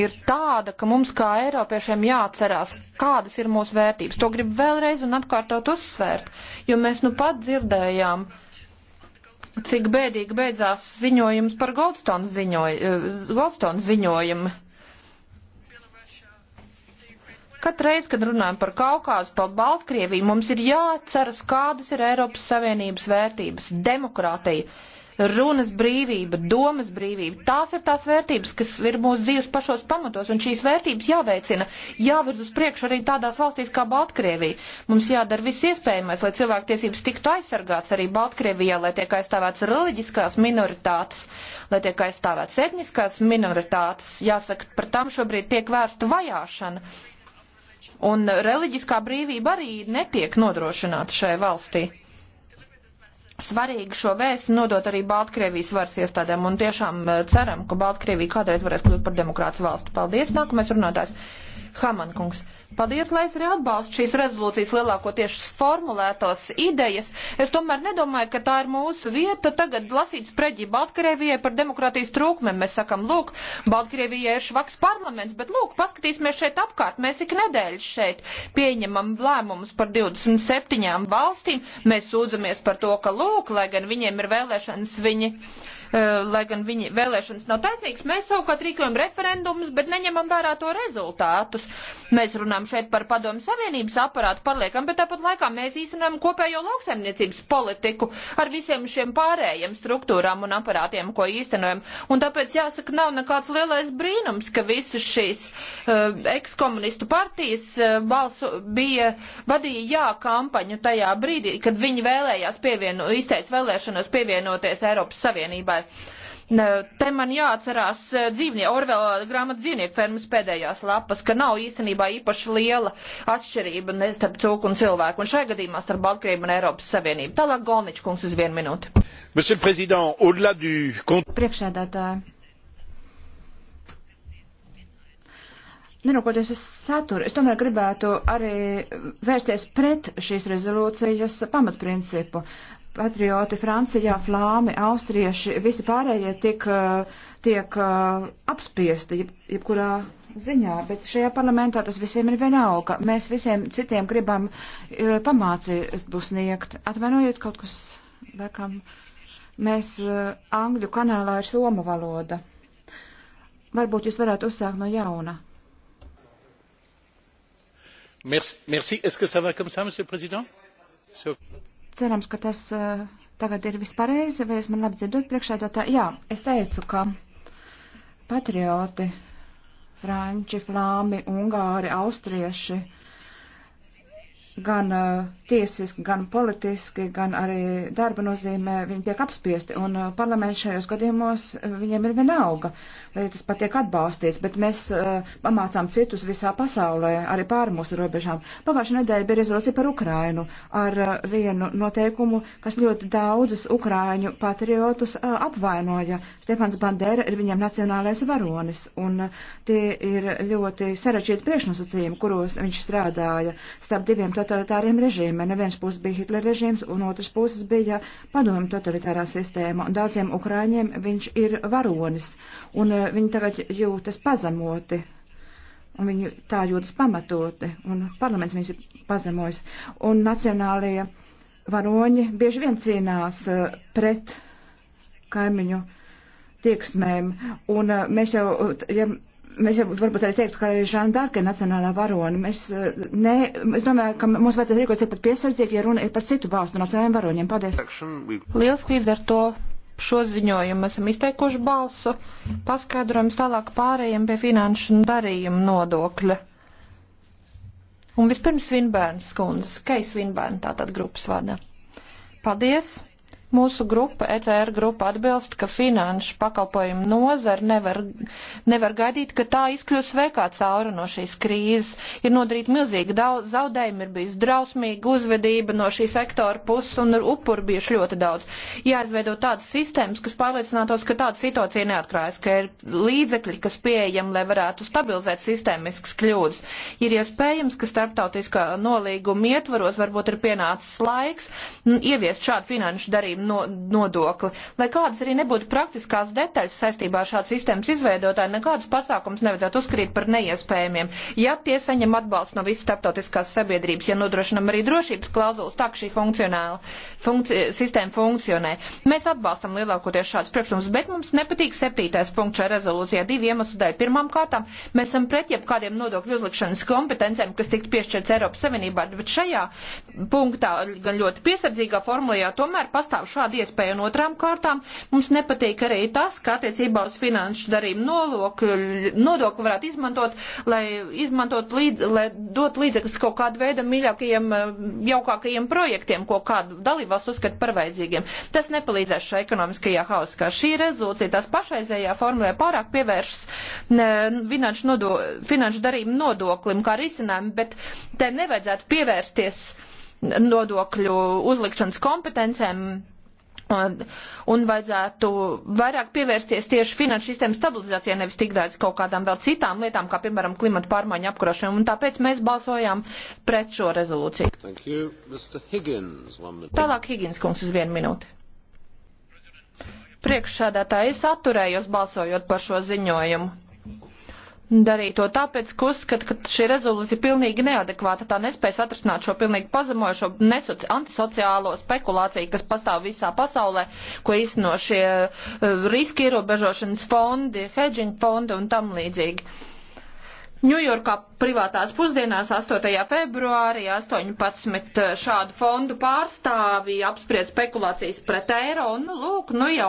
ir tāda, ka mums kā Eiropiešiem jāatcerās, kādas ir mūsu vērtības. To grib vēlreiz un atkārtot uzsvērt, jo mēs nu pat dzirdējām, uh, Cik bēdīgi beidzās ziņojums par Goldstone, ziņoj, eh, Goldstone ziņojumu. Katreiz, kad runājam par Kaukāzu, par Baltkrieviju, mums ir jāceras, kādas ir Eiropas Savienības vērtības - demokrātija runas brīvība, domas brīvība. Tās ir tās vērtības, kas ir mūsu dzīves pašos pamatos, un šīs vērtības jāveicina, jāvirz uz priekšu arī tādās valstīs kā Baltkrievija. Mums jādara viss iespējamais, lai cilvēktiesības tiktu aizsargāts arī Baltkrievijā, lai tiek aizstāvēts reliģiskās minoritātes, lai tiek aizstāvēts etniskās minoritātes. Jāsaka, par tām šobrīd tiek vērsta vajāšana. Un reliģiskā brīvība arī netiek nodrošināta šai valstī svarīgi šo vēstu nodot arī Baltkrievijas varas iestādēm un tiešām eh, ceram, ka Baltkrievija kādreiz varēs kļūt par demokrātu valstu. Paldies, nākamais runātājs Hamankungs. Paldies, lai es arī atbalstu šīs rezolūcijas lielākoties formulētos idejas. Es tomēr nedomāju, ka tā ir mūsu vieta tagad lasīt spreģi Baltkrievijai par demokrātijas trūkumiem. Mēs sakam, lūk, Baltkrievijai ir švaks parlaments, bet lūk, paskatīsimies šeit apkārt. Mēs ik nedēļ šeit pieņemam lēmumus par 27 valstīm. Mēs sūdzamies par to, ka lūk, lai gan viņiem ir vēlēšanas, viņi. Uh, Eh, lai gan viņi vēlēšanas nav taisnīgas, mēs savukārt rīkojam referendumus, bet neņemam vērā to rezultātus. Mēs runājam šeit par padomu savienības aparātu paliekam, bet tāpat laikā mēs īstenojam kopējo lauksaimniecības politiku ar visiem šiem pārējiem struktūrām un aparātiem, ko īstenojam. Un tāpēc jāsaka, nav nekāds lielais brīnums, ka visas šīs uh, ekskomunistu partijas uh, eh, balsu bija, vadīja jā kampaņu tajā brīdī, kad viņi vēlējās pievienu, izteica vēlēšanos pievienoties Eiropas Savienībai. Te man jāatcerās eh, dzīvnie, Orvela grāmatas dzīvnieku fermas pēdējās lapas, ka nav īstenībā īpaši liela atšķirība ne starp cūku un cilvēku, un šajā gadījumā starp Baltkrievu un Eiropas Savienību. Tālāk Golniča kungs uz vienu minūti. Du... Priekšsēdētāji. Neraugoties uz saturu, es tomēr gribētu arī vērsties pret šīs rezolūcijas pamatprincipu patrioti Francijā, flāmi, austrieši, visi pārējie tik, eh, tiek eh, apspiesti jeb, jebkurā ziņā, bet šajā parlamentā tas visiem ir vienalga. Mēs visiem citiem gribam eh, pamācību sniegt. Atvainojiet kaut kas, laikam, mēs angļu kanālā ir somu valoda. Varbūt jūs varētu uzsākt no jauna. Merci. Est-ce que ça va comme ça, Monsieur le Président? So... Cerams, ka tas uh, tagad ir vispareizi, vai jūs man labi dzirdat priekšēdātā? Jā, es teicu, ka patrioti, franči, flāmi, ungāri, austrieši, uh, gan uh, tiesiski, gan politiski, gan arī darba nozīmē viņi tiek apspiesti. Un uh, parlaments šajos gadījumos uh, viņiem ir vienalga, vai tas pat tiek atbalstīts, bet mēs pamācām citus visā pasaulē, arī pāri mūsu robežām. Pagājušā nedēļa bija rezolūcija par Ukrainu ar vienu noteikumu, kas ļoti daudzus Ukrāņu patriotus apvainoja. Stefans Bandera ir viņiem nacionālais varonis, un tie ir ļoti sarežģīti priekšnosacījumi, kuros viņš strādāja starp diviem tādiem totalitāriem režīmiem. No vienas puses bija Hitlera režīms, un otras puses bija padomju totalitārā sistēma. Un daudziem ukrāņiem viņš ir varonis, un eh, viņi tagad jūtas pazemoti. Un viņi tā jūtas pamatoti, un parlaments viņus ir pazemojis. Un nacionālie varoņi bieži vien cīnās eh, pret kaimiņu tieksmēm. Un eh, mēs jau, ja Mēs jau varbūt arī teiktu, ka arī Žana Darka ir nacionālā varoni. Mēs, eh, ne, es domāju, ka mums vajadzētu rīkoties pat piesardzīgi, ja runa ir par citu valstu nacionālajiem varoņiem. Paldies! Liels līdz ar to šo ziņojumu esam izteikuši balsu. Paskaidrojums tālāk pārējiem pie finanšu un darījumu nodokļa. Un vispirms Svinbērns kundzes, Keis Svinbērns tātad grupas vārdā. Paldies! Mūsu grupa, ECR grupa atbilst, ka finanšu pakalpojumu nozara nevar, nevar gaidīt, ka tā izkļūs veikā cauri no šīs krīzes. Ir nodarīta milzīga daudz, zaudējumi, ir bijis drausmīga uzvedība no šī sektora puses un upuri bijuši ļoti daudz. Jāizveido tādas sistēmas, kas pārliecinātos, ka tāda situācija neatkrājas, ka ir līdzekļi, kas pieejami, lai varētu stabilizēt sistēmiskas kļūdas. Ir iespējams, ka starptautiskā nolīguma ietvaros varbūt ir pienācis laiks mm, ieviest šādu finanšu darījumu no, nodokli. Lai kādas arī nebūtu praktiskās detaļas saistībā ar šādu sistēmas izveidotāju, nekādus pasākums nevajadzētu uzskatīt par neiespējamiem. Ja tie saņem atbalstu no visas starptautiskās sabiedrības, ja nodrošinam arī drošības klauzulas, tā ka šī funkci, sistēma funkcionē. Mēs atbalstam lielākoties šādus priekšlikumus, bet mums nepatīk septītais punkts šajā rezolūcijā divu iemeslu dēļ. Pirmām kārtām mēs esam pret jebkādiem nodokļu uzlikšanas kompetencēm, kas tiktu piešķirts Eiropas Savienībā, bet šajā punktā gan ļoti piesardzīgā formulējā tomēr pastāv šādu iespēju. Un otrām kārtām mums nepatīk arī tas, ka attiecībā uz finanšu darījumu noloku, nodokli varētu izmantot, lai, izmantot līdz, lai dot līdzekļus kaut kādu veidu mīļākajiem, eh, jaukākajiem projektiem, ko kādu dalībvalsts uzskata par vajadzīgiem. Tas nepalīdzēs šai ekonomiskajā hauskā. Šī rezolūcija tās pašreizējā formulē pārāk pievēršas finanšu, nodo, finanšu darījumu nodoklim kā risinājumu, bet te nevajadzētu pievērsties nodokļu uzlikšanas kompetencēm un vajadzētu vairāk pievērsties tieši finanšu sistēmas stabilizācijai, nevis tik daudz kaut kādām vēl citām lietām, kā piemēram klimata pārmaiņu apkarošanu, un tāpēc mēs balsojām pret šo rezolūciju. You, Higgins, Tālāk Higgins kungs uz vienu minūti. Priekšsēdētāji, es atturējos balsojot par šo ziņojumu darīja to tāpēc, ka uzskata, ka šī rezolūcija ir pilnīgi neadekvāta. Tā nespējas atrasināt šo pilnīgi pazemojošo antisociālo spekulāciju, kas pastāv visā pasaulē, ko īsteno šie eh, riski ierobežošanas fondi, hedging fondi un tam līdzīgi. Ņujorkā privātās pusdienās 8. februārī 18 eh, šādu fondu pārstāvi apspried spekulācijas pret eiro un, nu, lūk, nu jau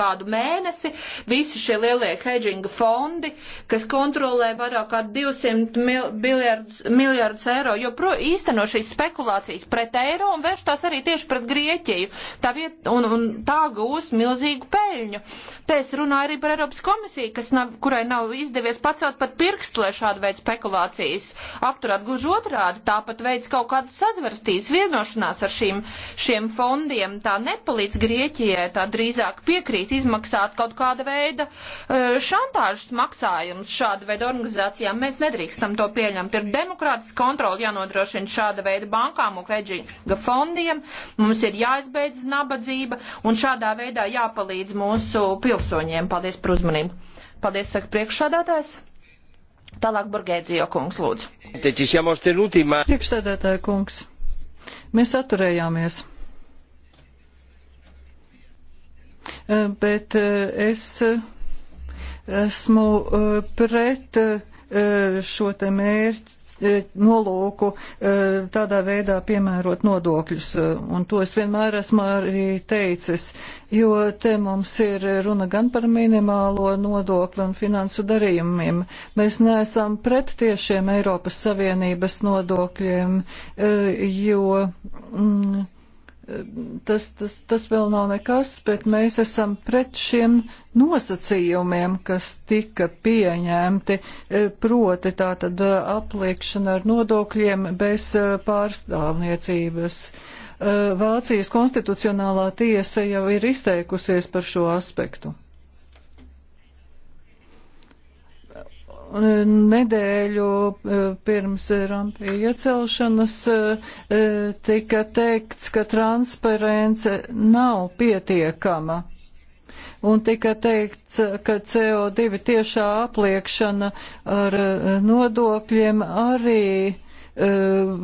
kādu mēnesi visi šie lielie hedžinga fondi, kas kontrolē vairāk kā 200 miljardus, miljardus eiro, jo pro, īsteno šīs spekulācijas pret eiro un vērš tās arī tieši pret Grieķiju. Tā viet, un, un tā gūst milzīgu peļņu. Te es runāju arī par Eiropas komisiju, kas nav, kurai nav izdevies pacelt pat pirkstu, lai šāda veida spekulācijas apturēt. Gluži otrādi, tāpat veids kaut kādas sazverstīs vienošanās ar šīm, šiem fondiem. Tā nepalīdz Grieķijai, tā drīzāk piekrīt izmaksāt kaut kāda veida e, šantāžas maksājumus šāda veida organizācijām. Mēs nedrīkstam to pieļemt. Ir demokrātiski kontroli jānodrošina šāda veida bankām un hedžinga fondiem. Mums ir jāizbeidz nabadzība un šādā veidā jāpalīdz mūsu pilsoņiem. Paldies par uzmanību. Paldies, saka priekšsādātājs. Tālāk Burgēdzijo kungs lūdzu. Priekšstādātāja kungs, mēs atturējāmies. Eh, bet eh, es eh, esmu pret šo te mērķi E, nolūku e, tādā veidā piemērot nodokļus. E, un to es vienmēr esmu arī teicis, jo te mums ir runa gan par minimālo nodokli un finansu darījumiem. Mēs neesam pret tiešiem Eiropas Savienības nodokļiem, jo. Mm, tas, tas, tas vēl nav nekas, bet mēs esam pret šiem nosacījumiem, kas tika pieņemti, e, proti tātad e, apliekšana ar nodokļiem bez e, pārstāvniecības. Vācijas konstitucionālā tiesa jau ir izteikusies par šo aspektu. nedēļu eh, pirms Rampija iecelšanas eh, tika teikts, ka transparence nav pietiekama. Un tika teikts, ka CO2 tiešā apliekšana ar eh, nodokļiem arī uh, E,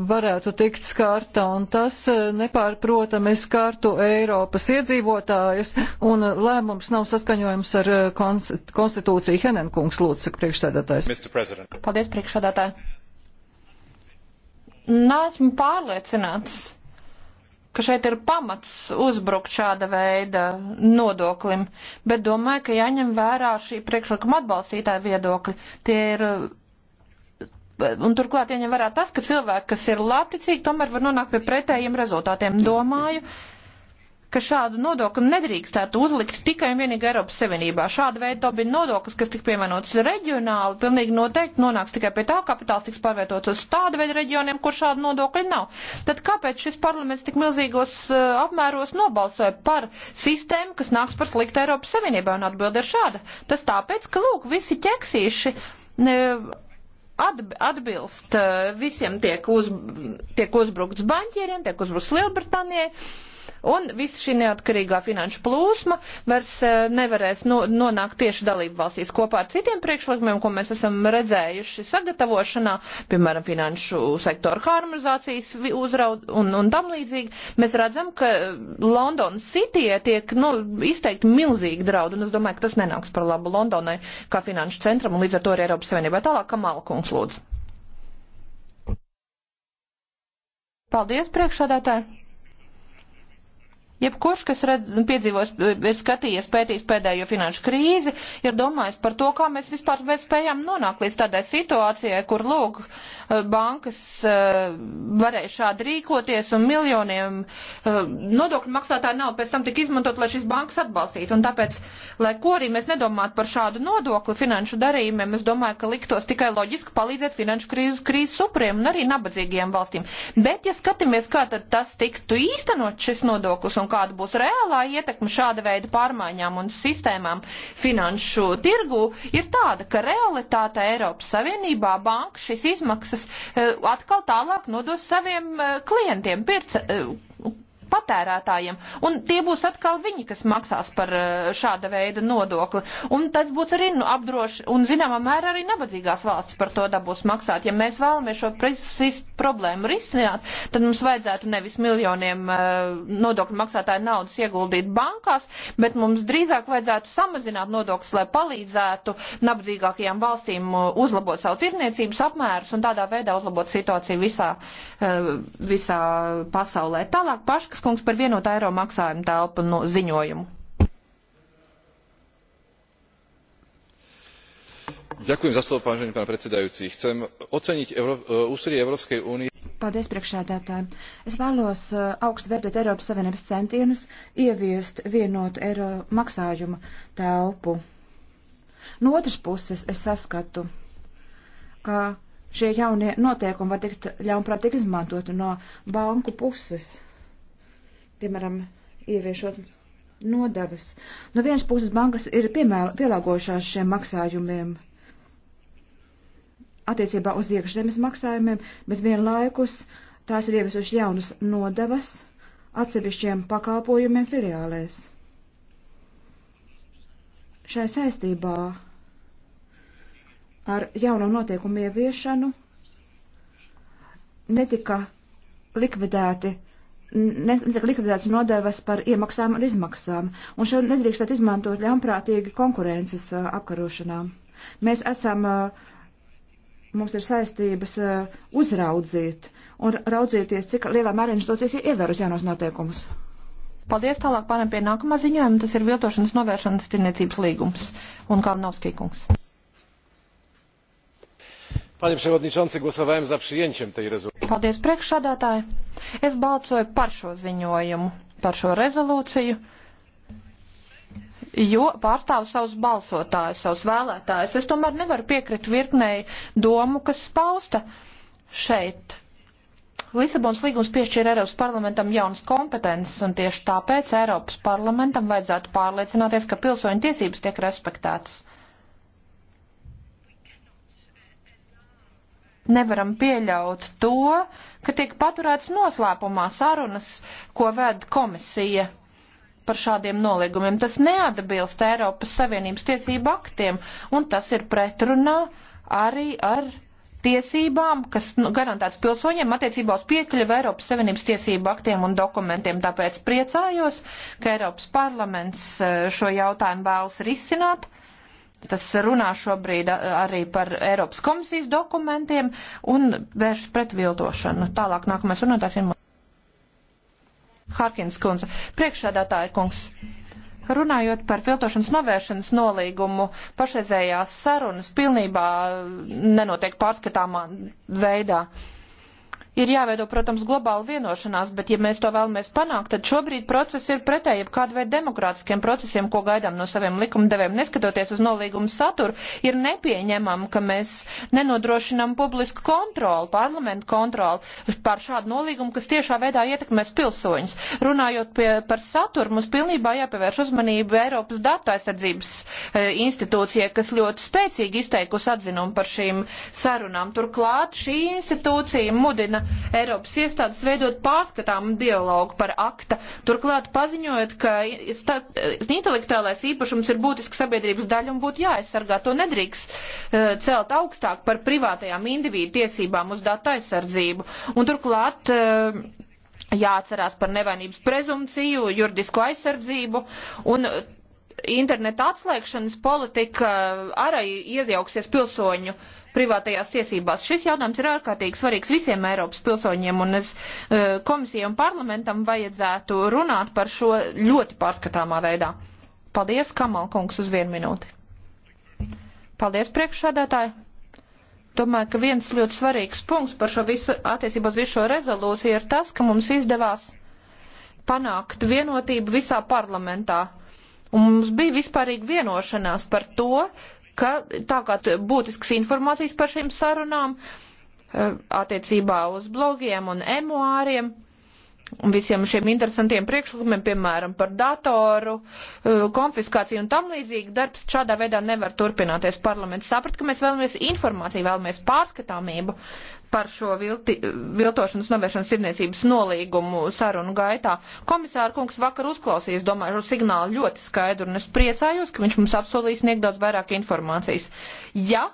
varētu tikt skarta, un tas e, nepārprotami skartu Eiropas iedzīvotājus, un e, lēmums nav saskaņojums ar konstitūciju. Henenkungs lūdzu, saka priekšsēdētājs. Paldies, priekšsēdētāji. Nē, esmu pārliecināts, ka šeit ir pamats uzbrukt šāda veida nodoklim, bet domāju, ka jāņem vērā šī priekšlikuma atbalstītāja viedokļa. Tie ir Un turklāt ieņem ja vērā tas, ka cilvēki, kas ir labticīgi, tomēr var nonākt pie pretējiem rezultātiem. Domāju, ka šādu nodokli nedrīkstētu uzlikt tikai un vienīgi Eiropas Savienībā. Šāda veida dobina nodoklis, kas tik pievienots reģionāli, pilnīgi noteikti nonāks tikai pie tā, kapitāls tiks pārvietots uz tādu veidu reģioniem, kur šāda nodokļa nav. Tad kāpēc šis parlaments tik milzīgos uh, apmēros nobalsoja par sistēmu, kas nāks par sliktu Eiropas Savienībā? Un atbilde ir šāda. Tas tāpēc, ka, lūk, visi ķeksīši. Uh, atbilst eh, visiem tiek, uz, tiek uzbrukts baņķieriem, tiek uzbrukts Lielbritānijai Un visa šī neatkarīgā finanšu plūsma vairs eh, nevarēs no, nonākt tieši dalību valstīs kopā ar citiem priekšlikumiem, ko mēs esam redzējuši sagatavošanā, piemēram, finanšu sektoru harmonizācijas uzraud un, un tam līdzīgi. Mēs redzam, ka Londonas City tiek nu, izteikti milzīgi draudi, un es domāju, ka tas nenāks par labu Londonai kā finanšu centram un līdz ar to arī Eiropas Savienībai. Tālāk, Kamala kungs lūdzu. Paldies, priekšādātāji! Jebkurš, kas redz, piedzīvos, ir skatījies, pētījis pēdējo finanšu krīzi, ir domājis par to, kā mēs vispār mēs spējām nonākt līdz tādai situācijai, kur lūk, uh, bankas eh, varēja šādi rīkoties un miljoniem eh, nodokļu maksātāju nav pēc tam tik izmantot, lai šīs bankas atbalstītu. Un tāpēc, lai ko arī mēs nedomātu par šādu nodokli finanšu darījumiem, es domāju, ka liktos tikai loģiski palīdzēt finanšu krīzes, krīzes upuriem un arī nabadzīgiem valstīm. Bet, ja skatāmies, kā tad tas tiktu īstenot šis nodoklis un kāda būs reālā ietekme šāda veida pārmaiņām un sistēmām finanšu tirgu, ir tāda, ka realitāte Eiropas Savienībā banka šīs izmaksas preces eh, atkal tālāk nodos saviem eh, klientiem, pirce, eh, patērētājiem, un tie būs atkal viņi, kas maksās par eh, šāda veida nodokli. Un tas būs arī nu, apdroši, un zināmā mērā arī nabadzīgās valsts par to dabūs maksāt. Ja mēs vēlamies šo problēmu risināt, tad mums vajadzētu nevis miljoniem eh, nodokļu maksātāju naudas ieguldīt bankās, bet mums drīzāk vajadzētu samazināt nodokļus, lai palīdzētu nabadzīgākajām valstīm eh, uzlabot savu tirniecības apmērus un tādā veidā uzlabot situāciju visā, visā pasaulē. Tālāk paškas Paškas kungs par vienotu eiro maksājumu telpu no nu, ziņojumu. Ďakujem za slovo, pán pán predsedajúci. Chcem oceniť Euró- eh, úsilie Európskej únie. Paldies, priekšsēdētāji. Es vēlos eh, augstu vērtēt Eiropas Savienības centienus ieviest vienotu eiro maksājumu telpu. No otras puses es saskatu, ka šie jaunie noteikumi var tikt ļaunprātīgi izmantoti no banku puses piemēram, ieviešot nodevas. No vienas puses bankas ir piemēr, pielāgojušās šiem maksājumiem attiecībā uz iekšzemes maksājumiem, bet vienlaikus tās ir ieviesušas jaunas nodevas atsevišķiem pakalpojumiem filiālēs. Šai saistībā ar jauno notiekumu ieviešanu netika likvidēti netiek likvidētas nodevas par iemaksām un izmaksām, un šo nedrīkstat izmantot ļaunprātīgi konkurences apkarošanā. Mēs esam, mums ir saistības uzraudzīt un raudzīties, cik lielā mērā institūcijas ievērus jaunos noteikumus. Paldies, tālāk pārējām pie nākamā ziņojuma, tas ir viltošanas novēršanas tirniecības līgums un Kalnovskijkungs. Paldies, priekšsādātāji! Es balsoju par šo ziņojumu, par šo rezolūciju, jo pārstāvu savus balsotājus, savus vēlētājus. Es tomēr nevaru piekrist virknei domu, kas spausta šeit. Lisabons līgums piešķīra Eiropas parlamentam jaunas kompetences, un tieši tāpēc Eiropas parlamentam vajadzētu pārliecināties, ka pilsoņu tiesības tiek respektētas. nevaram pieļaut to, ka tiek paturēts noslēpumā sarunas, ko ved komisija par šādiem noliegumiem. Tas neatbilst Eiropas Savienības tiesību aktiem, un tas ir pretrunā arī ar tiesībām, kas nu, garantēts pilsoņiem attiecībā uz piekļuvu Eiropas Savienības tiesību aktiem un dokumentiem. Tāpēc priecājos, ka Eiropas parlaments eh, šo jautājumu vēlas risināt Tas runā šobrīd arī par Eiropas komisijas dokumentiem un vērš pret viltošanu. Tālāk nākamais runātājs ir Harkins kundze. Priekšsēdētāja kungs. Runājot par filtrošanas novēršanas nolīgumu, pašreizējās sarunas pilnībā nenotiek pārskatāmā veidā. Uh, ir jāveido, protams, globāla vienošanās, bet ja mēs to vēlamies panākt, tad šobrīd process ir pretēji kādu veidu demokrātiskiem procesiem, ko gaidām no saviem likumdevējiem. Neskatoties uz nolīgumu saturu, ir nepieņemam, ka mēs nenodrošinām publisku kontroli, parlamentu kontroli pār šādu nolīgumu, kas tiešā veidā ietekmēs pilsoņus. Runājot pie, par saturu, mums pilnībā jāpievērš uzmanību Eiropas datu aizsardzības e, institūcijai, kas ļoti spēcīgi izteikusi atzinumu par šīm sarunām. Turklāt šī institūcija mudina Eiropas iestādes veidot pārskatāmu dialogu par akta, turklāt paziņojot, ka intelektuālais īpašums ir būtiska sabiedrības daļa un būtu jāaizsargā. To nedrīkst uh, celt augstāk par privātajām individu tiesībām uz datu aizsardzību. Un turklāt. Uh, Jāatcerās par nevainības prezumciju, juridisko aizsardzību un eh, interneta atslēgšanas politika arī iejauksies pilsoņu uh, privātajās tiesībās. Šis jautājums ir ārkārtīgi svarīgs visiem Eiropas pilsoņiem, un es eh, komisijai un parlamentam vajadzētu runāt par šo ļoti pārskatāmā veidā. Paldies, Kamal kungs, uz vienu minūti. Paldies, priekšsādātāji! Domāju, ka viens ļoti svarīgs punkts par šo visu, attiecībā uz visu šo rezolūciju ir tas, ka mums izdevās panākt vienotību visā parlamentā. Un mums bija vispārīga vienošanās par to, ka tā kā būtisks informācijas par šīm sarunām eh, attiecībā uz blogiem un emuāriem un visiem šiem interesantiem priekšlikumiem, piemēram, par datoru, eh, konfiskāciju un tam līdzīgi, darbs šādā veidā nevar turpināties. Parlaments saprat, ka mēs vēlamies informāciju, vēlamies pārskatāmību, par šo vilti, viltošanas novēršanas sirdniecības nolīgumu sarunu gaitā. Komisāra kungs vakar uzklausījis, domāju, šo signālu ļoti skaidru, un es priecājos, ka viņš mums apsolīs sniegt daudz vairāk informācijas. Ja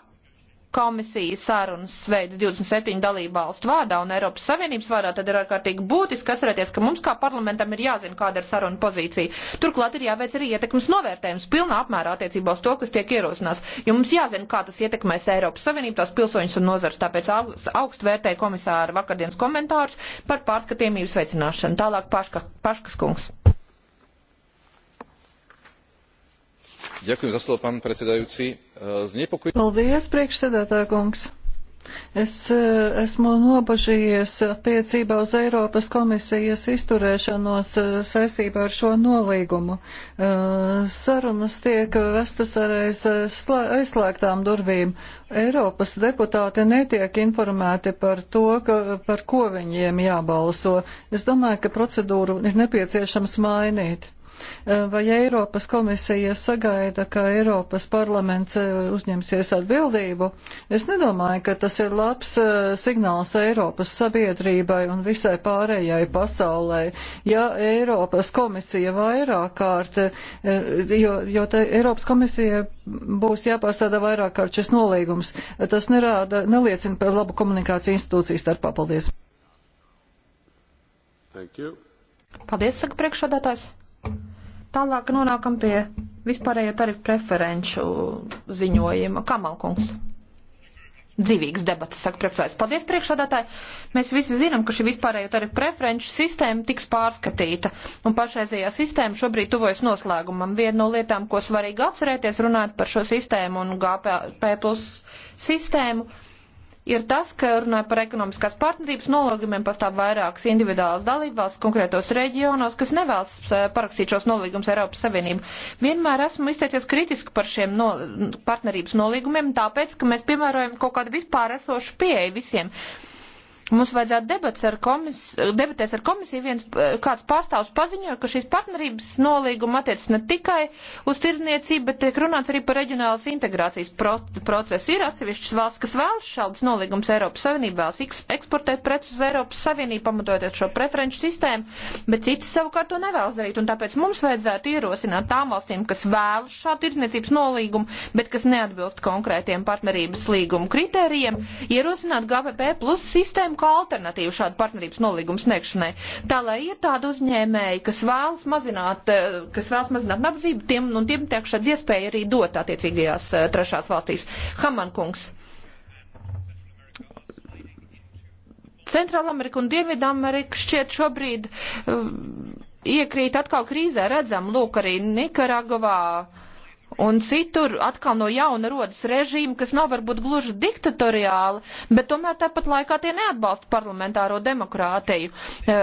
komisija sarunas veids 27 dalību valstu vārdā un Eiropas Savienības vārdā, tad ir ārkārtīgi būtiski atcerēties, ka mums kā parlamentam ir jāzina, kāda ir saruna pozīcija. Turklāt ir jāveic arī ietekmes novērtējums pilnā apmērā attiecībā uz to, kas tiek ierosinās, jo mums jāzina, kā tas ietekmēs Eiropas Savienību, tās pilsoņus un nozars. Tāpēc augstu vērtēju komisāra vakardienas komentārus par pārskatāmības veicināšanu. Tālāk paška, Paškas kungs. E, Paldies, priekšsēdētāja kungs! Es e, esmu nobažījies attiecībā uz Eiropas komisijas izturēšanos e, saistībā ar šo nolīgumu. Sarunas tiek vestas ar aizslēgtām durvīm. Eiropas deputāti netiek informēti par to, ka, par ko viņiem jābalso. Es domāju, ka procedūru ir nepieciešams mainīt. Eh, vai Eiropas komisija sagaida, ka Eiropas parlaments eh, uzņemsies atbildību? Es nedomāju, ka tas ir labs eh, signāls Eiropas sabiedrībai un visai pārējai pasaulē. Ja Eiropas komisija vairāk kārt, jo, jo te Eiropas komisija būs jāpārstāda vairāk kārt šis nolīgums, tas nerāda, neliecina par labu komunikāciju institūciju starpā. Paldies! Paldies, saka priekšsādātājs. Tālāk nonākam pie vispārējo tarifu preferenču ziņojuma. Kamalkungs. Dzīvīgs debats, saka priekšsēdētājs. Paldies, priekšsēdētāji. Mēs visi zinām, ka šī vispārējo tarifu preferenču sistēma tiks pārskatīta, un pašreizējā sistēma šobrīd tuvojas noslēgumam. Viena no lietām, ko svarīgi atcerēties, runājot par šo sistēmu un GP plus sistēmu, ir tas, ka runāja par ekonomiskās partnerības nolīgumiem, pastāv vairākas individuālas dalībvalsts konkrētos reģionos, kas nevēlas eh, parakstīt šos nolīgumus Eiropas Savienību. Vienmēr esmu izteicies kritiski par šiem no, partnerības nolīgumiem, tāpēc, ka mēs piemērojam kaut kādu vispār esošu pieeju visiem. Uh, Mums vajadzētu debats ar komis, debatēs ar komisiju. Viens kāds pārstāvs paziņoja, ka šīs partnerības nolīguma attiecas ne tikai uz tirdzniecību, bet tiek runāts arī par reģionālas integrācijas pro procesu. Ir atsevišķas valsts, kas vēlas šādas nolīgumas Eiropas Savienību, vēlas eksportēt preces uz Eiropas Savienību, pamatojoties šo preferenču sistēmu, bet citas savukārt to nevēlas darīt. Un tāpēc mums vajadzētu ierosināt tām valstīm, kas vēlas šādu tirdzniecības nolīgumu, bet kas neatbilst konkrētiem partnerības līguma kritērijiem, ierosināt GPP plus sistēmu piedāvājam kā alternatīvu šādu partnerības nolīgumu sniegšanai. Tā lai ir tādi uzņēmēji, kas vēlas mazināt, eh, kas vēlas mazināt nabadzību, tiem, un nu, tiem tiek šāda iespēja arī dot attiecīgajās eh, trešās valstīs. Hamankungs. Centrāla Amerika un Dienvidā Amerika šķiet šobrīd uh, iekrīt atkal krīzē, redzam, lūk, arī Nikaragovā. Uh, Un citur atkal no jauna rodas režīmi, kas nav varbūt gluži diktatoriāli, bet tomēr tāpat laikā tie neatbalsta parlamentāro demokrātiju. E,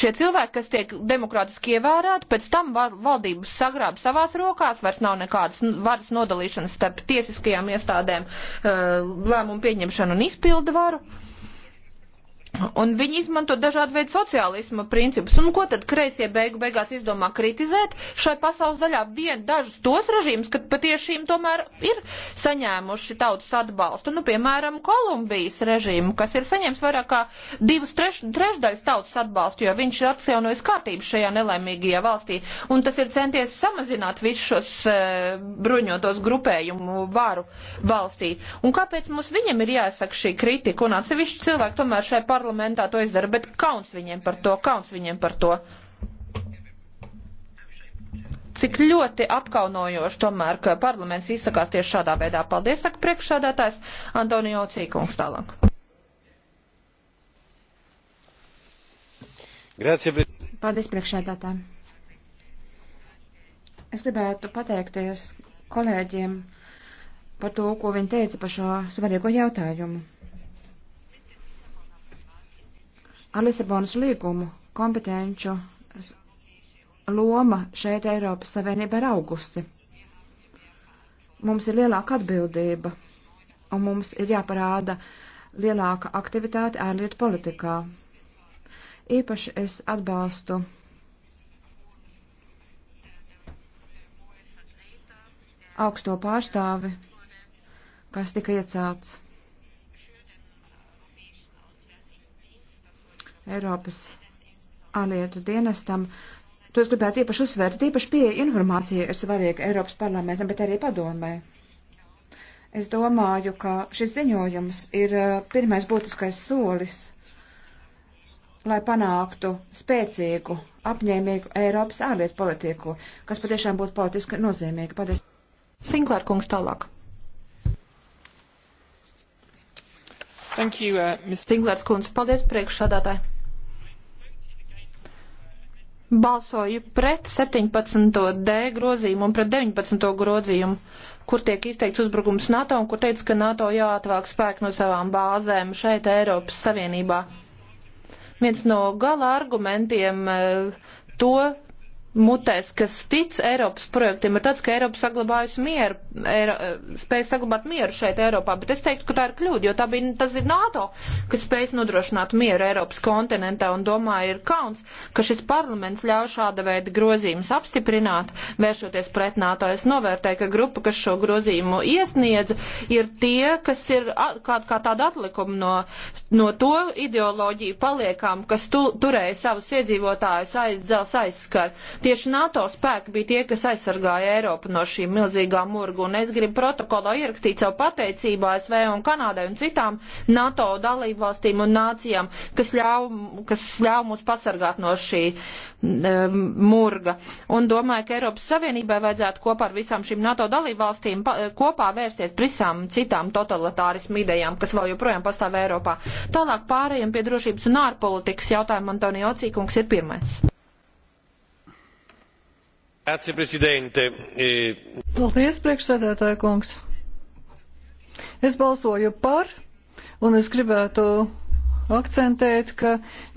šie cilvēki, kas tiek demokrātiski ievērēti, pēc tam valdības sagrāb savās rokās, vairs nav nekādas varas nodalīšanas starp tiesiskajām iestādēm, e, lēmumu pieņemšanu un izpildu varu. Un viņi izmanto dažādu veidu sociālisma principus. Un ko tad kreisie beigu beigās izdomā kritizēt šai pasaules daļā? Vien dažus tos režīmus, kad patiešām tomēr ir saņēmuši tautas atbalstu. Nu, piemēram, Kolumbijas režīmu, kas ir saņēmis vairāk kā divus treš, trešdaļas tautas atbalstu, jo viņš ir atjaunojis kārtību šajā nelaimīgajā valstī. Un tas ir centies samazināt visus šos uh, bruņotos grupējumu varu valstī. Un kāpēc mums viņam ir jāsaka šī kritika? Un atsevišķi cilvēki tomēr šai parlamentā parlamentā to izdara, bet kauns viņiem par to, kauns viņiem par to. Cik ļoti apkaunojoši tomēr, ka parlaments izsakās tieši šādā veidā. Paldies, saka priekšsādātājs Antonio Cīkungs tālāk. Paldies, priekšsēdētājiem. Es gribētu pateikties kolēģiem par to, ko viņi teica par šo svarīgo jautājumu. ar Lisabonas līgumu kompetenču loma šeit Eiropas Savienībā ir augusi. Mums ir lielāka atbildība un mums ir jāparāda lielāka aktivitāte ārlietu politikā. Īpaši es atbalstu augsto pārstāvi, kas tika iecelts. Eiropas ārlietu dienestam. To es gribētu īpaši uzsvērt, īpaši pieeja informācija ir svarīga Eiropas parlamentam, bet arī padomē. Es domāju, ka šis ziņojums ir uh, pirmais būtiskais solis, lai panāktu spēcīgu, apņēmīgu Eiropas ārlietu politiku, kas patiešām būtu politiski nozīmīgi. Paldies. Sinklēr kungs tālāk. Thank you, uh, Ms. Sinklērs kungs, paldies priekšsādātāji balsoju pret 17. D grozījumu un pret 19. grozījumu, kur tiek izteikts uzbrukums NATO un kur teica, ka NATO jāatvāk spēku no savām bāzēm šeit Eiropas Savienībā. Viens no gala argumentiem eh, to mutēs, kas tic Eiropas projektiem, ir tāds, ka Eiropa saglabājusi mieru, Eiro, eh, spēja saglabāt mieru šeit Eiropā, bet es teiktu, ka tā ir kļūda, jo tā bija, tas ir NATO, kas spējas nodrošināt mieru Eiropas kontinentā un domāju, ir kauns, ka šis parlaments ļauj šāda veida grozījumus apstiprināt, vēršoties pret NATO. Es novērtēju, ka grupa, kas šo grozījumu iesniedz, ir tie, kas ir kā, kā tāda atlikuma no, no to ideoloģiju paliekām, kas tu, turēja savus iedzīvotājus aiz dzels aizskar Tieši NATO spēki bija tie, kas aizsargāja Eiropu no šī milzīgā murga, un es gribu protokolā ierakstīt savu pateicību ASV un Kanādai un citām NATO dalību valstīm un nācijām, kas ļāva kas ļāv mums pasargāt no šī um, murga. Un domāju, ka Eiropas Savienībai vajadzētu kopā ar visām šīm NATO dalību valstīm kopā vērsties prisām citām totalitārismu idejām, kas vēl joprojām pastāv Eiropā. Tālāk pārējiem pie drošības un ārpolitikas jautājuma Antonija Ocīkungs ir pirmais. E Paldies, priekšsēdētāja kungs. Es balsoju par, un es gribētu akcentēt, ka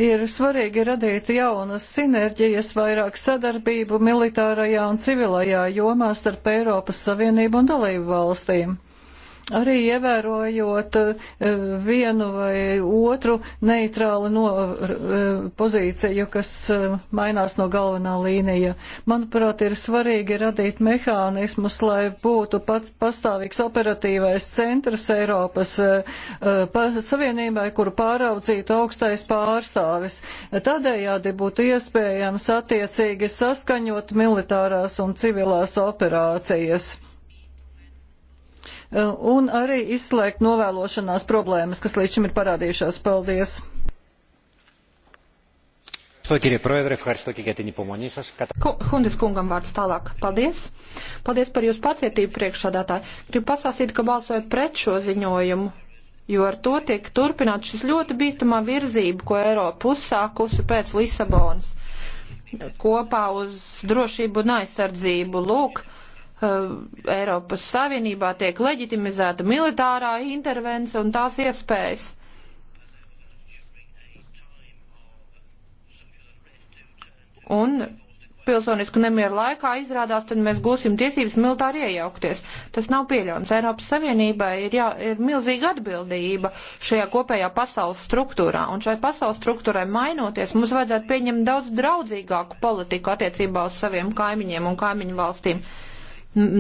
ir svarīgi radīt jaunas sinerģijas, vairāk sadarbību militārajā un civilajā jomā starp Eiropas Savienību un dalību valstīm arī ievērojot eh, vienu vai otru neitrālu no eh, pozīciju, kas eh, mainās no galvenā līnija. Manuprāt, ir svarīgi radīt mehānismus, lai būtu pat pastāvīgs operatīvais centrs Eiropas Savienībai, kuru pāraudzītu augstais pārstāvis. Tādējādi būtu iespējams attiecīgi saskaņot militārās un civilās operācijas. Eh, un arī izslēgt novēlošanās problēmas, kas līdz šim ir parādījušās. Paldies! Hundes kungam vārds tālāk. Paldies. Paldies par jūsu pacietību priekšādātāji. Gribu pasāstīt, ka balsoju pret šo ziņojumu, jo ar to tiek turpināt šis ļoti bīstamā virzība, ko Eiropa uzsākusi pēc Lisabonas kopā uz drošību un aizsardzību. Lūk, Eh, Eiropas Savienībā tiek leģitimizēta militārā intervence un tās iespējas. Un pilsonisku nemieru laikā izrādās, tad mēs gūsim tiesības militāri iejaukties. Tas nav pieļaujams. Eiropas Savienībai ir, jā, ir milzīga atbildība šajā kopējā pasaules struktūrā, un šai pasaules struktūrai mainoties, mums vajadzētu pieņemt daudz draudzīgāku politiku attiecībā uz saviem kaimiņiem un kaimiņu valstīm. Uh,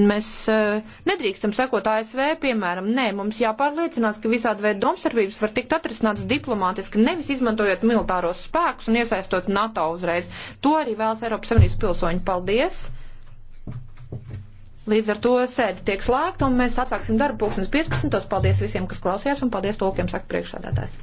Mēs eh, nedrīkstam sekot ASV, piemēram, nē, mums jāpārliecinās, ka visāda veida domstarpības var tikt atrisināts diplomātiski, nevis izmantojot militāros spēkus un iesaistot NATO uzreiz. To arī vēlas Eiropas Savienības pilsoņi. Paldies! Līdz ar to sēde tiek slēgta un mēs atsāksim darbu 2015. Paldies visiem, kas klausījās un paldies tolkiem, saka priekšādātājs.